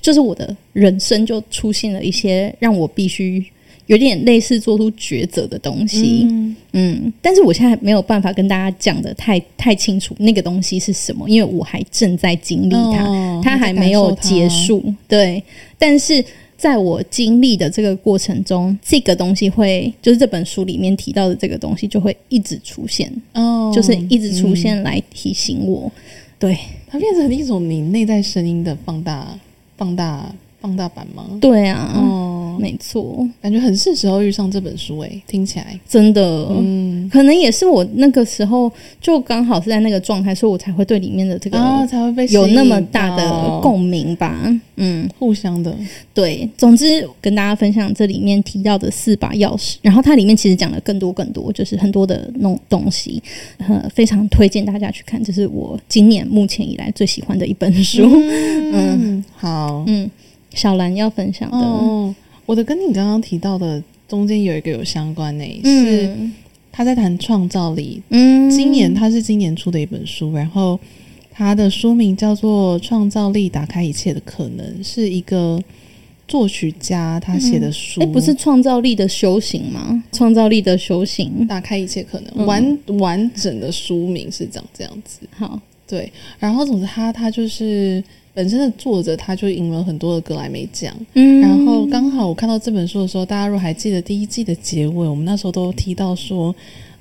S2: 就是我的人生就出現了一些讓我必須。有點類似做出抉擇的東西，嗯、嗯，但是我現在還沒有辦法跟大家講得太太清楚那個東西是什麼，因為我還正在經歷它，哦、它還沒有結束。對，但是在我經歷的這個過程中，這個東西會，就是這本書裡面提到的這個東西，就會一直出現，哦，就是一直出現來提醒我。嗯、對，
S1: 它變成一種你內在聲音的放大、放大、放大版嗎？對啊，哦、嗯。沒錯，感覺很是時候遇上這本書誒、欸，聽起來真的，嗯，
S2: 可能也是我那個時候就剛好是在那個狀態，所以我才會對裡面的這個、哦、才會被有那麼大的共鳴吧，哦、嗯，互相的，對，總之跟大家分享這裡面提到的四把鑰匙，然後它裡面其實講了更多更多，就是很多的弄東西、呃，非常推薦大家去看，這、就是我今年目前以來最喜歡的一本書，嗯，嗯，嗯，好，嗯，
S1: 小蘭要分享的。哦我的跟你剛剛提到的中間有一個有相關誒，是他在談創造力。嗯，今年他是今年出的一本書，然後他的書名叫做《創造力打開一切的可能》，是一個作曲家他寫的書。嗯、誒不是
S2: 創造力的修行嗎？創造力的修行，打開一切可能。嗯、完完
S1: 整的書名是長這樣子。好。對，然後總之他他就是本身的作者，他就贏了很多的格萊美獎。嗯，然後剛好我看到這本書的時候，大家如果還記得第一季的結尾，我們那時候都提到說，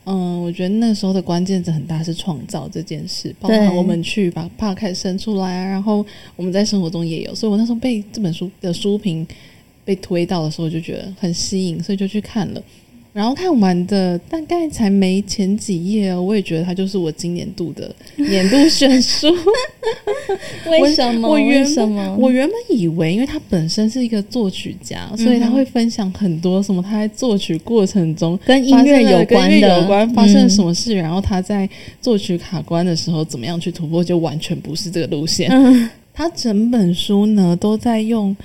S1: 嗯，我覺得那時候的關鍵字很大是創造這件事，包括我們去把帕克生出來啊，然後我們在生活中也有，所以我那時候被這本書的書評被推到的時候，我就覺得很吸引，所以就去看了。然後看完的大概才沒前幾頁哦，我也覺得他就是我今年度的年度選書。為什麼？我，我原本為什麼？我原本以為，因為他本身是一個作曲家，嗯、哼所以他會分享很多什麼他在作曲過程中跟音樂有關的，關發生了什麼事，嗯、然後他在作曲卡關的時候怎麼樣去突破，就完全不是這個路線。嗯、他整本書呢都在用。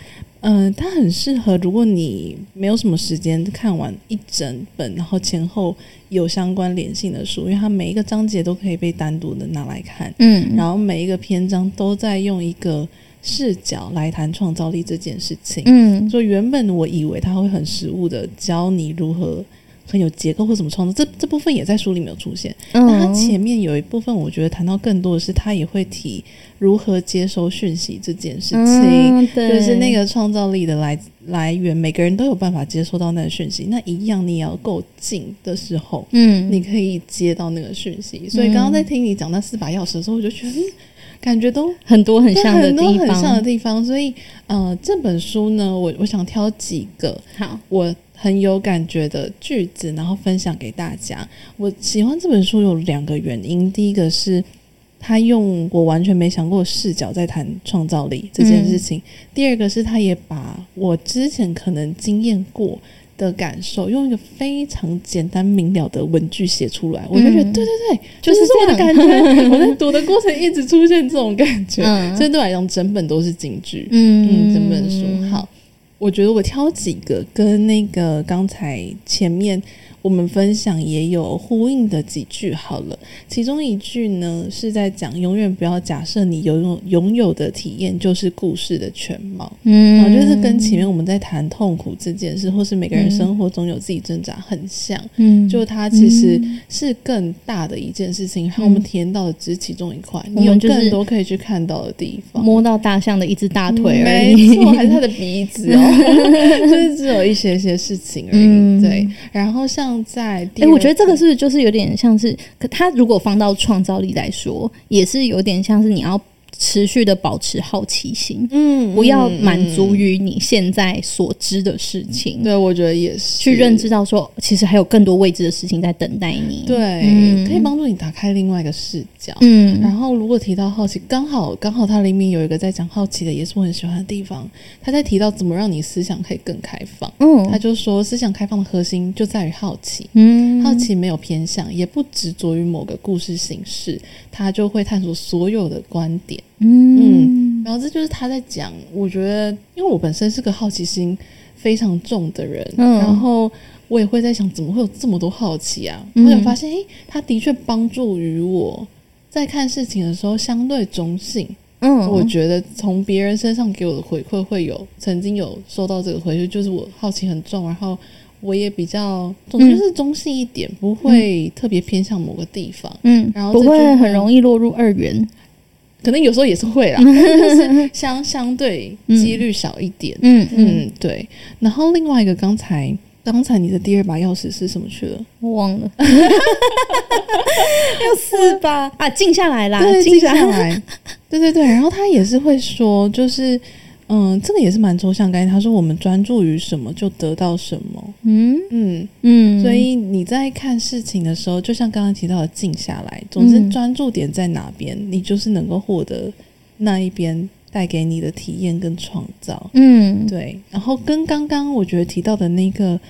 S1: 嗯，它、呃、很適合如果你沒有什麼時間看完一整本，然後前後有相關聯性的書，因為它每一個章節都可以被單獨的拿來看，嗯，然後每一個篇章都在用一個視角來談創造力這件事情，嗯，所以原本我以為它會很實務的教你如何很有結構或怎麼創作，這這部分也在書裡沒有出現，嗯、但它前面有一部分我覺得談到更多的是，它也會提。如何接收訊息這件事情，嗯，就是那個創造力的來來源。每個人都有辦法接收到那個訊息。那一樣，你也要夠近的時候，嗯，你可以接到那個訊息。所以剛剛在聽你講那四把鑰匙的時候，我就覺得，嗯，感覺都很多很像的地方，很多很像的地方。所以，呃，這本書呢，我我想挑幾個好我很有感覺的句子，然後分享給大家。我喜歡這本書有兩個原因，第一個是。他用我完全沒想過的視角在談創造力這件事情。嗯、第二個是，他也把我之前可能經驗過的感受，用一個非常簡單明了的文句寫出來，嗯、我就覺得對對對，就是這樣的感覺。我在讀的過程一直出現這種感覺，所以對我來講，整本都是警句。嗯，嗯，整本書好，我覺得我挑幾個跟那個剛才前面。我們分享也有呼應的幾句，好了，其中一句呢是在講，永遠不要假設你擁有擁有的體驗就是故事的全貌，嗯，然後就是跟前面我們在談痛苦這件事，或是每個人生活中有自己掙扎很像，嗯，就它其實是更大的一件事情，我們體驗到的只是其中一塊，你、嗯、有更多可以去看到的地方，
S2: 摸到大象的一只
S1: 大腿而已，沒錯，是還是他的鼻子哦？ [LAUGHS] 就是只有一些些事情而已，嗯、對，然後像，在哎，欸，我覺得這
S2: 個是不是就是有點像是，可他如果放到創造力來說，也是有點像是你要持續的保持好奇心，嗯，不要滿足於你現在所知的事情。嗯嗯、對，我覺得也是。去認知到說，其實還有更多未知的事情在等待你。
S1: 對，嗯、可以幫助你打開另外一個視角。嗯，然後如果提到好奇，剛好剛好他裡面有一個在講好奇的，也是我很喜歡的地方。他在提到怎麼讓你思想可以更開放，嗯、哦，他就說，思想開放的核心就在於好奇，嗯，好奇沒有偏向，也不執着於某個故事形式，他就會探索所有的觀點。嗯，然後這就是他在講。我覺得，因為我本身是個好奇心非常重的人，嗯、然後我也會在想，怎麼會有這麼多好奇啊？嗯、我也發現、欸，他的確幫助於我在看事情的時候相對中性。嗯、哦，我覺得從別人身上給我的回饋會有，曾經有收到這個回饋，就是我好奇很重，然後我也比較重，就、嗯、是中性一點，不會特別偏向某個地方。嗯，然後這、就是、不會很容易落入二元。可能有時候也是會啦， [LAUGHS] 是就是相相對幾率小一點。嗯嗯，嗯對。然後另外一個剛，剛才剛才你的第二把鑰匙是什麼去了？我忘了。
S2: 六四八啊，靜下來啦，靜下來。下來
S1: 對對對，然後他也是會說，就是。嗯，這個也是蠻抽象概念。他說，我們專注於什麼，就得到什麼。嗯嗯嗯。嗯嗯，所以你在看事情的時候，就像剛剛提到的，靜下來，總之專注點在哪邊，嗯、你就是能夠獲得那一邊帶給你的體驗跟創造。嗯，對。然後跟剛剛我覺得提到的那個，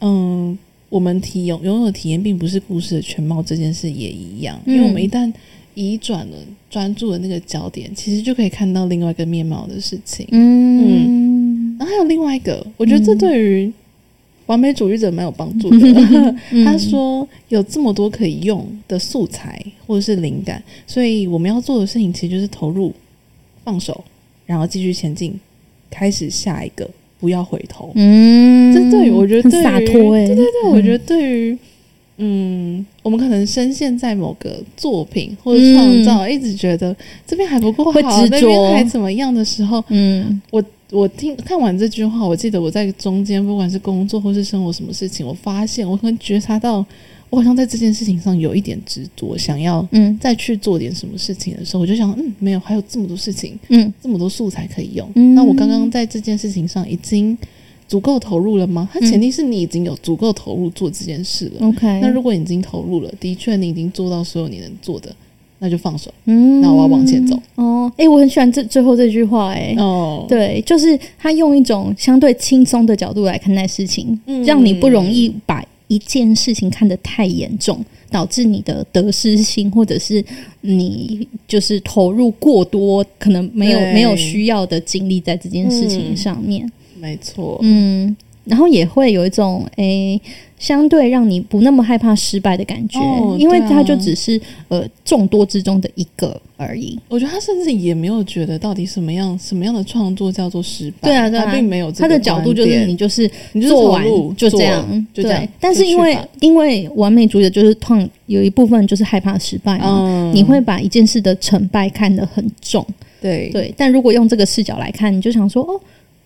S1: 嗯，我們體擁有的體驗，並不是故事的全貌，這件事也一樣。嗯、因為我們一旦移轉了專注的那個焦點，其實就可以看到另外一個面貌的事情。嗯，嗯，然後還有另外一個，我覺得這對於、嗯、完美主義者蠻有幫助的。他、嗯、說有這麼多可以用的素材或者是靈感，所以我們要做的事情其實就是投入、放手，然後繼續前進，開始下一個，不要回頭。嗯，這對我覺得灑脫欸。對對對，我覺得對於。嗯嗯嗯，我們可能深陷在某個作品或者創造，嗯、一直覺得這邊還不夠好，執着那邊還怎麼樣的時候，嗯，我我聽看完這句話，我記得我在中間不管是工作或是生活什麼事情，我發現我可能覺察到，我好像在這件事情上有一點執着，想要嗯再去做點什麼事情的時候，嗯、我就想嗯，沒有，還有這麼多事情，嗯，這麼多素材可以用，嗯、那我剛剛在這件事情上已經。足夠投入了嗎？它前提是你已經有足夠投入做這件事了。OK，嗯，那如果你已經投入了，的確你已經做到所有你能做的，那就放手。嗯，
S2: 那我要往前走。哦，誒，我很喜歡這最後這句話。誒，哦，對，就是他用一種相對輕鬆的角度來看待事情，嗯，讓你不容易把一件事情看得太嚴重，導致你的得失心，或者是你就是投入過多，可能沒有對沒有需要的精力在這件事情上面。嗯沒錯，嗯，然後也會有一種誒、欸，相對讓你不那麼害怕失敗的感覺，哦啊、因為他就只是呃眾多之中的一個
S1: 而已。我覺得他甚至也沒有覺得到底什麼樣什麼樣的創作叫做失敗，對啊，他、啊、並沒有這。他的角度就是你就是做完就這樣，就這樣。對，但是因
S2: 為因為完美主義的就是創有一部分就是害怕失敗嘛，嗯、你會把一件事的成敗看得很重。對對，但如果用這個視角來看，你就想說哦。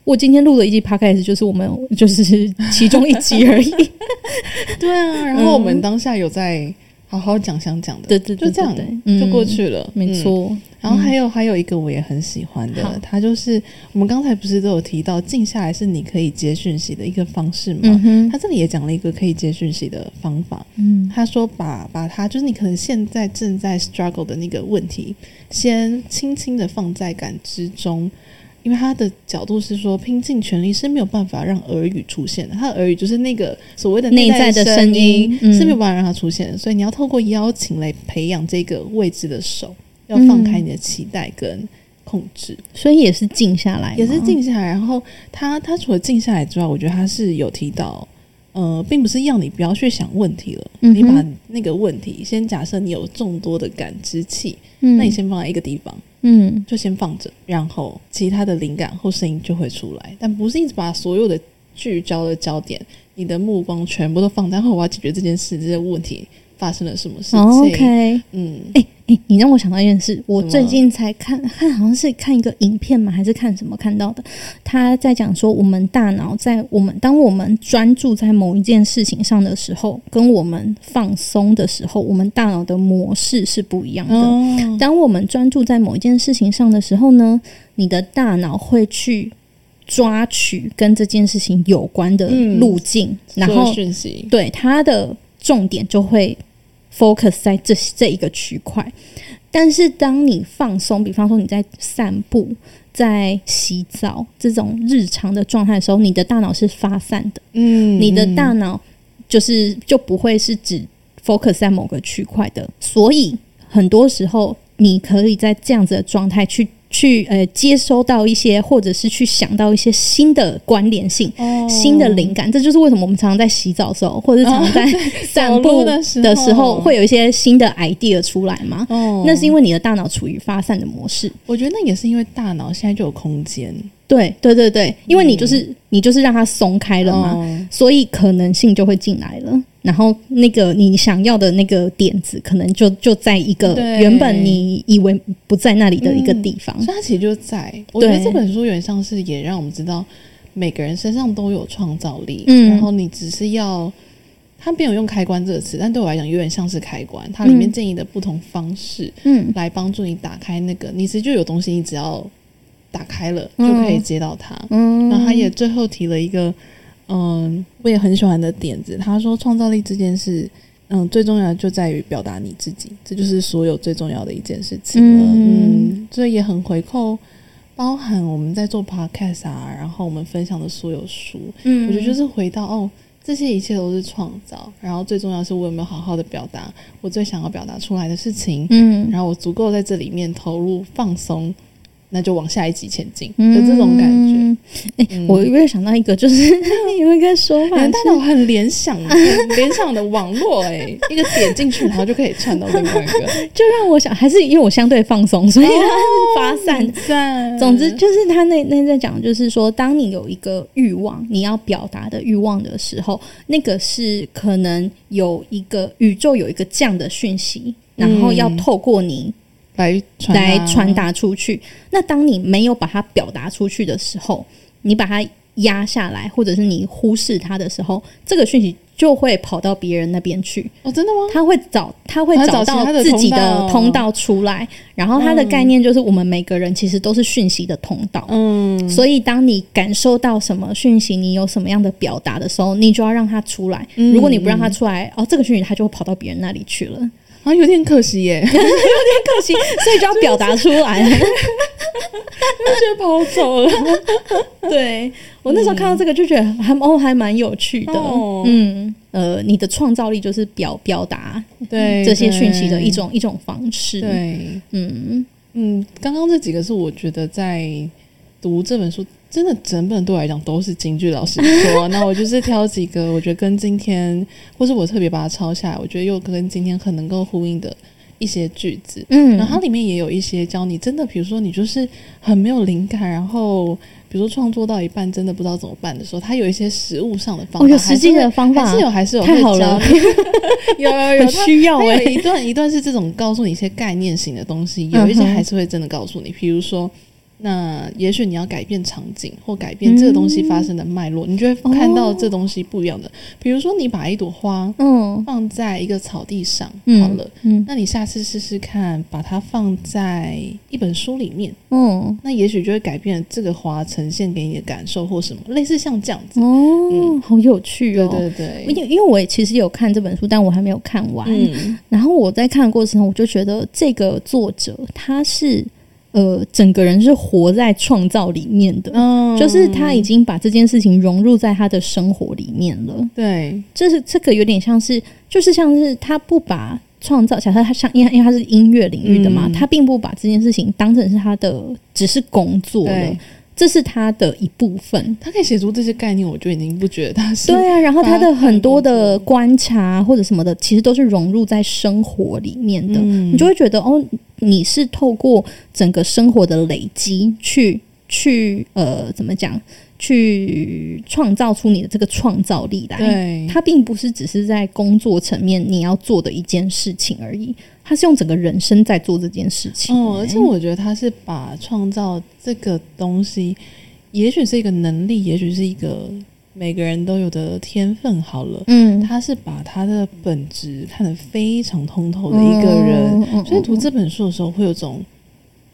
S2: 我今天錄的一集 podcast 就是我們就是其中一集而已。
S1: [LAUGHS] [LAUGHS] 對啊，然後我們當下有在好好講想講的，對對對，就這樣、嗯、就過去了，沒錯錯、嗯。然後還有、嗯、還有一個我也很喜歡的，他、嗯、就是我們剛才不是都有提到，靜下來是你可以接訊息的一個方式嘛？他、嗯、哼這裡也講了一個可以接訊息的方法。嗯，他說把把他就是你可能現在正在 struggle 的那個問題，先輕輕的放在感知中。因為他的角度是說，拼盡全力是沒有辦法讓耳語出現的。他的耳語就是那個所謂的內在的聲音，聲音是沒有辦法讓它出現。嗯。所以你要透過邀請來培養這個位置的手，要放開你的期待跟控制。嗯。所以也是靜下來，也是靜下來。然後他他除了靜下來之外，我覺得他是有提到。呃，並不是要你不要去想問題了，嗯、哼你把那個問題先假設你有眾多的感知器，嗯、那你先放在一個地方，嗯，就先放着，然後其他的靈感或聲音就會出來，但不是一直把所有的聚焦的焦點，你的目光全部都放在說我要解決這件事這些問題。發生了什麼事情？OK，嗯，哎、欸
S2: 欸、你讓我想到一件事，我最近才看，什麼？看好像是看一個影片嘛，還是看什麼看到的。他在講說，我們大腦在我們當我們專注在某一件事情上的時候，跟我們放鬆的時候，我們大腦的模式是不一樣的。哦、當我們專注在某一件事情上的時候呢，你的大腦會去抓取跟這件事情有關的路徑，嗯、然後訊息對它的。重點就會 focus 在這這一個區塊，但是當你放鬆，比方說你在散步、在洗澡這種日常的狀態的時候，你的大腦是發散的，嗯，你的大腦就是就不會是只 focus 在某個區塊的，所以很多時候你可以在這樣子的狀態去。去呃接收到一些，或者是去想到一些新的關聯性、哦、新的靈感，這就是為什麼我們常常在洗澡的時候，或者是常常在散步的時候、哦、的時的時候，會有一些新的 idea 出來嘛。哦、那是因為你的大腦處於發散的模式。
S1: 我覺得那也是因為大腦現在就有空間。
S2: 對對對對，因為你就是、嗯、你就是讓它鬆開了嘛，哦、所以可能性就會進來了。然後，那個你想要的那個點子，可能就就在一個原本你以為不在那裡的一個地方、嗯。所以它其實就在。
S1: 我覺得這本書有點像是也讓我們知道，每個人身上都有創造力。嗯、然後你只是要，他沒有用開關這個詞，但對我來講，有點像是開關。它裡面建議的不同方式，嗯，來幫助你打開那個。嗯、你其實就有東西，你只要打開了、哦、就可以接到它。嗯、哦，然後他也最後提了一個。嗯，我也很喜歡的點子。他說，創造力這件事，嗯，最重要的就在於表達你自己，這就是所有最重要的一件事情了。嗯，所以、嗯、也很回扣，包含我們在做 podcast 啊，然後我們分享的所有書，嗯，我覺得就是回到哦，這些一切都是創造，然後最重要是我有沒有好好的表達我最想要表達出來的事情，嗯，然後我足夠在這裡面投入放鬆。那就往下一集前進，就這種
S2: 感覺。哎，我有沒有想到一個，就是、嗯、有一個說法，但是我
S1: 很聯想，聯 [LAUGHS] 想的網絡，哎， [LAUGHS] 一個點進去，然後就可以串到另外一個，
S2: 就讓我想，還是因為我相對放鬆，所以發
S1: 散。哦、在總之，就是
S2: 他那那在講，就是說，當你有一個慾望，你要表達的慾望的時候，那個是可能有一個宇宙有一個這樣的訊息，然後要透過你。嗯來傳來傳達出去。那當你沒有把它表達出去的時候，你把它壓下來，或者是你忽視它的時候，這個訊息就會跑到別人那邊去。哦，真的嗎？他會找，他會找到自己的通道出來。然後，他的概念就是，我們每個人其實都是訊息的通道。嗯。所以，當你感受到什麼訊息，你有什麼樣的表達的時候，你就要讓它出來。如果你不讓它出來，嗯、哦，這個訊息它就會跑到別人那裡去了。啊，有點可惜耶、欸， [LAUGHS] 有點可惜，所以就要表達出來，就是就是就是，跑走了。 [LAUGHS] 對，我那時候看到這個就覺得還哦，還蠻有趣的。哦、嗯、呃，你的創造力就是表表達對、嗯、這些訊息的一種對一
S1: 種方式。嗯嗯，剛、嗯、剛這幾個是我覺得在讀這本書。真的整本對我來講都是金句，老實說， [LAUGHS] 那我就是挑幾個我覺得跟今天或是我特別把它抄下來，我覺得又跟今天很能夠呼應的一些句子。嗯，然後它裡面也有一些教你真的，比如說你就是很沒有靈感，然後比如說創作到一半真的不知道怎麼辦的時候，它有一些實物上的方法，實際的方法，還是有還是有有有,有需要哎、欸，一段一段是這種告訴你一些概念型的東西，有一些還是會真的告訴你，比、嗯、哼如說。那也許你要改變場景，或改變這個東西發生的脈絡，嗯、你就會看到這東西不一樣的。哦、比如說，你把一朵花嗯放在一個草地上，嗯、好了，嗯,那你下次試試看，把它放在一本書裡面，嗯，那也許就會改變這個花呈現給你的感受或什麼，類似像這樣
S2: 子哦，嗯、好有趣哦，對對對，因為我也我其實有看這本書，但我還沒有看完。嗯、然後我在看過的過程中，我就覺得這個作者他是。呃，整個人是活在創造裡面的，oh. 就是他已經把這件事情融入在他的生活裡面了。對，就是這個有點像是，就是像是他不把創造起來，假設他像因為因為他是音樂領域的嘛，嗯，他並不把這件事情當成是他的只是工作
S1: 這是他的一部分，他可以寫出這些概念，我就已經不覺得他是他，對啊。然後他
S2: 的很多的觀察或者什麼的，其實都是融入在生活裡面的，嗯、你就會覺得哦，你是透過整個生活的累積去去呃，怎麼講？去創造出你的這個創造力來。對他並不是只是在工作層面你要做的一件事情而已。他是用整個人生在做這件事情。
S1: 哦，而且我覺得他是把創造這個東西，也許是一個能力，也許是一個每個人都有的天分。好了，嗯，他是把他的本質看得非常通透的一個人。哦，所以讀這本書的時候，會有種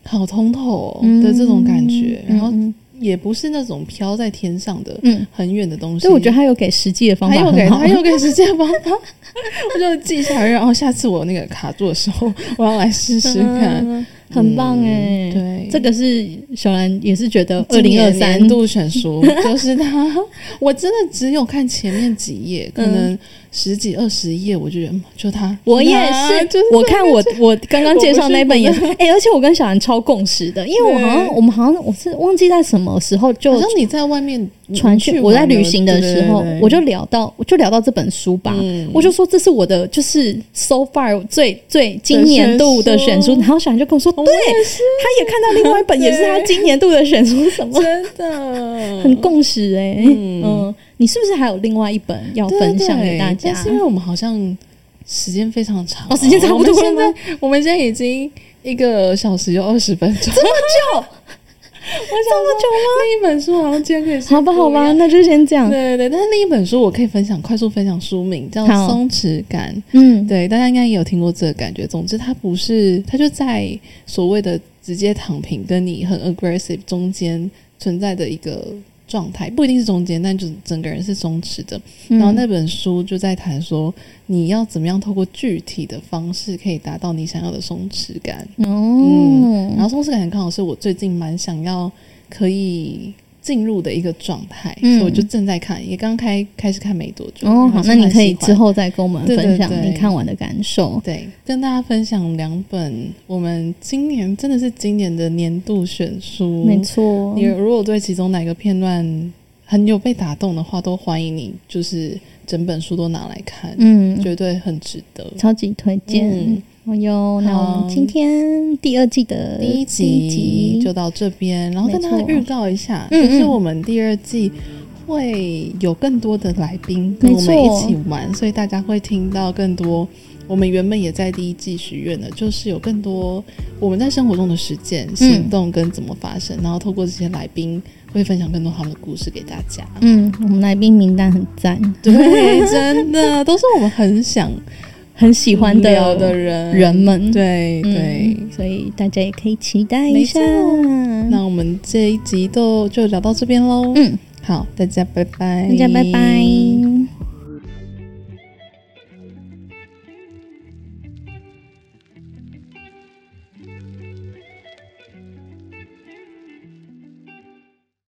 S1: 好通透的這種感覺，嗯，然後。也不是那種飄在天上的，嗯，很遠的東西。所以、嗯、我覺
S2: 得他有給實際的方法很好，他有給，他有給實際的
S1: 方法， [LAUGHS] 我就記下來。然後下次我那個卡住的時候，我要來試試看，很棒哎、嗯。對，這個是小蘭也是覺
S2: 得二零二三年度選書
S1: 就是他，我真的只有看前面幾頁，可能、嗯。十幾二十頁，我覺得就他，我也是。
S2: 我看我我剛剛介紹那本也是，哎，而且我跟小蘭超共識的，因為我好像我們好像我是忘記在什麼時候，好像你
S1: 在外面傳去，我在旅行的時候，我就
S2: 聊到，我就聊到這本書吧。我就說這是我的就是 so far 最最最今年度的選書，然後小蘭就跟我說，對，他也看到另外一本也是他今年度的選書，
S1: 什麼真的，很
S2: 共識哎、欸，嗯。你是不是還有另外一本要分享，對對對，給大家？是因為
S1: 我們好像時間非常長，哦，時間差不多了，哦。我們現在，嗎我們現在已經一個小時有二十分鐘，這麼久？ [LAUGHS] 我想這麼久嗎？那一本書好像今天可以不好吧，好吧，那就先講。對，對對，但是那一本書我可以分享，快速分享書名叫《鬆弛感》。嗯，對，大家應該也有聽過這個感覺。總之，它不是，它就在所謂的直接躺平跟你很 aggressive 中間存在的一個。狀態不一定是中間，但就整個人是鬆弛的。嗯，然後那本書就在談說，你要怎麼樣透過具體的方式，可以達到你想要的鬆弛感。
S2: 哦，嗯，然後鬆
S1: 弛感很剛好是我最近蠻想要可以進入的一個狀態，嗯，所以我就正在看，也剛開開始看沒多久。哦，好，那你可以之後再
S2: 跟我們分享，對對對，你看完的感受。對。對，
S1: 跟大家分享兩本我們今年真的是今年的年度選書，沒錯。你如果對其中哪個片段很有被打動的話，都歡迎你，就是。整本書都拿來看，嗯，絕對很值得，
S2: 超級推薦。我喲，那我們今
S1: 天第二季的第一集，第一集就到這邊，然後跟大家預告一下，沒錯。就是我們第二季會有更多的來賓跟我們一起玩，沒錯。所以大家會聽到更多。我們原本也在第一季許願的，就是有更多我們在生活中的實踐、行動跟怎麼發生，然後透過這些來賓。會分享更多他們的故事給大家。嗯，
S2: 我們來賓名單很贊，對， [LAUGHS] 真的都是我們很想、 [LAUGHS] 很喜歡的，聊的人人們。對對，
S1: 嗯、對，所以大家也可以期待一下。
S2: 那我
S1: 們這一集都就聊到這邊嘍。嗯，好，大家拜拜，大家拜拜。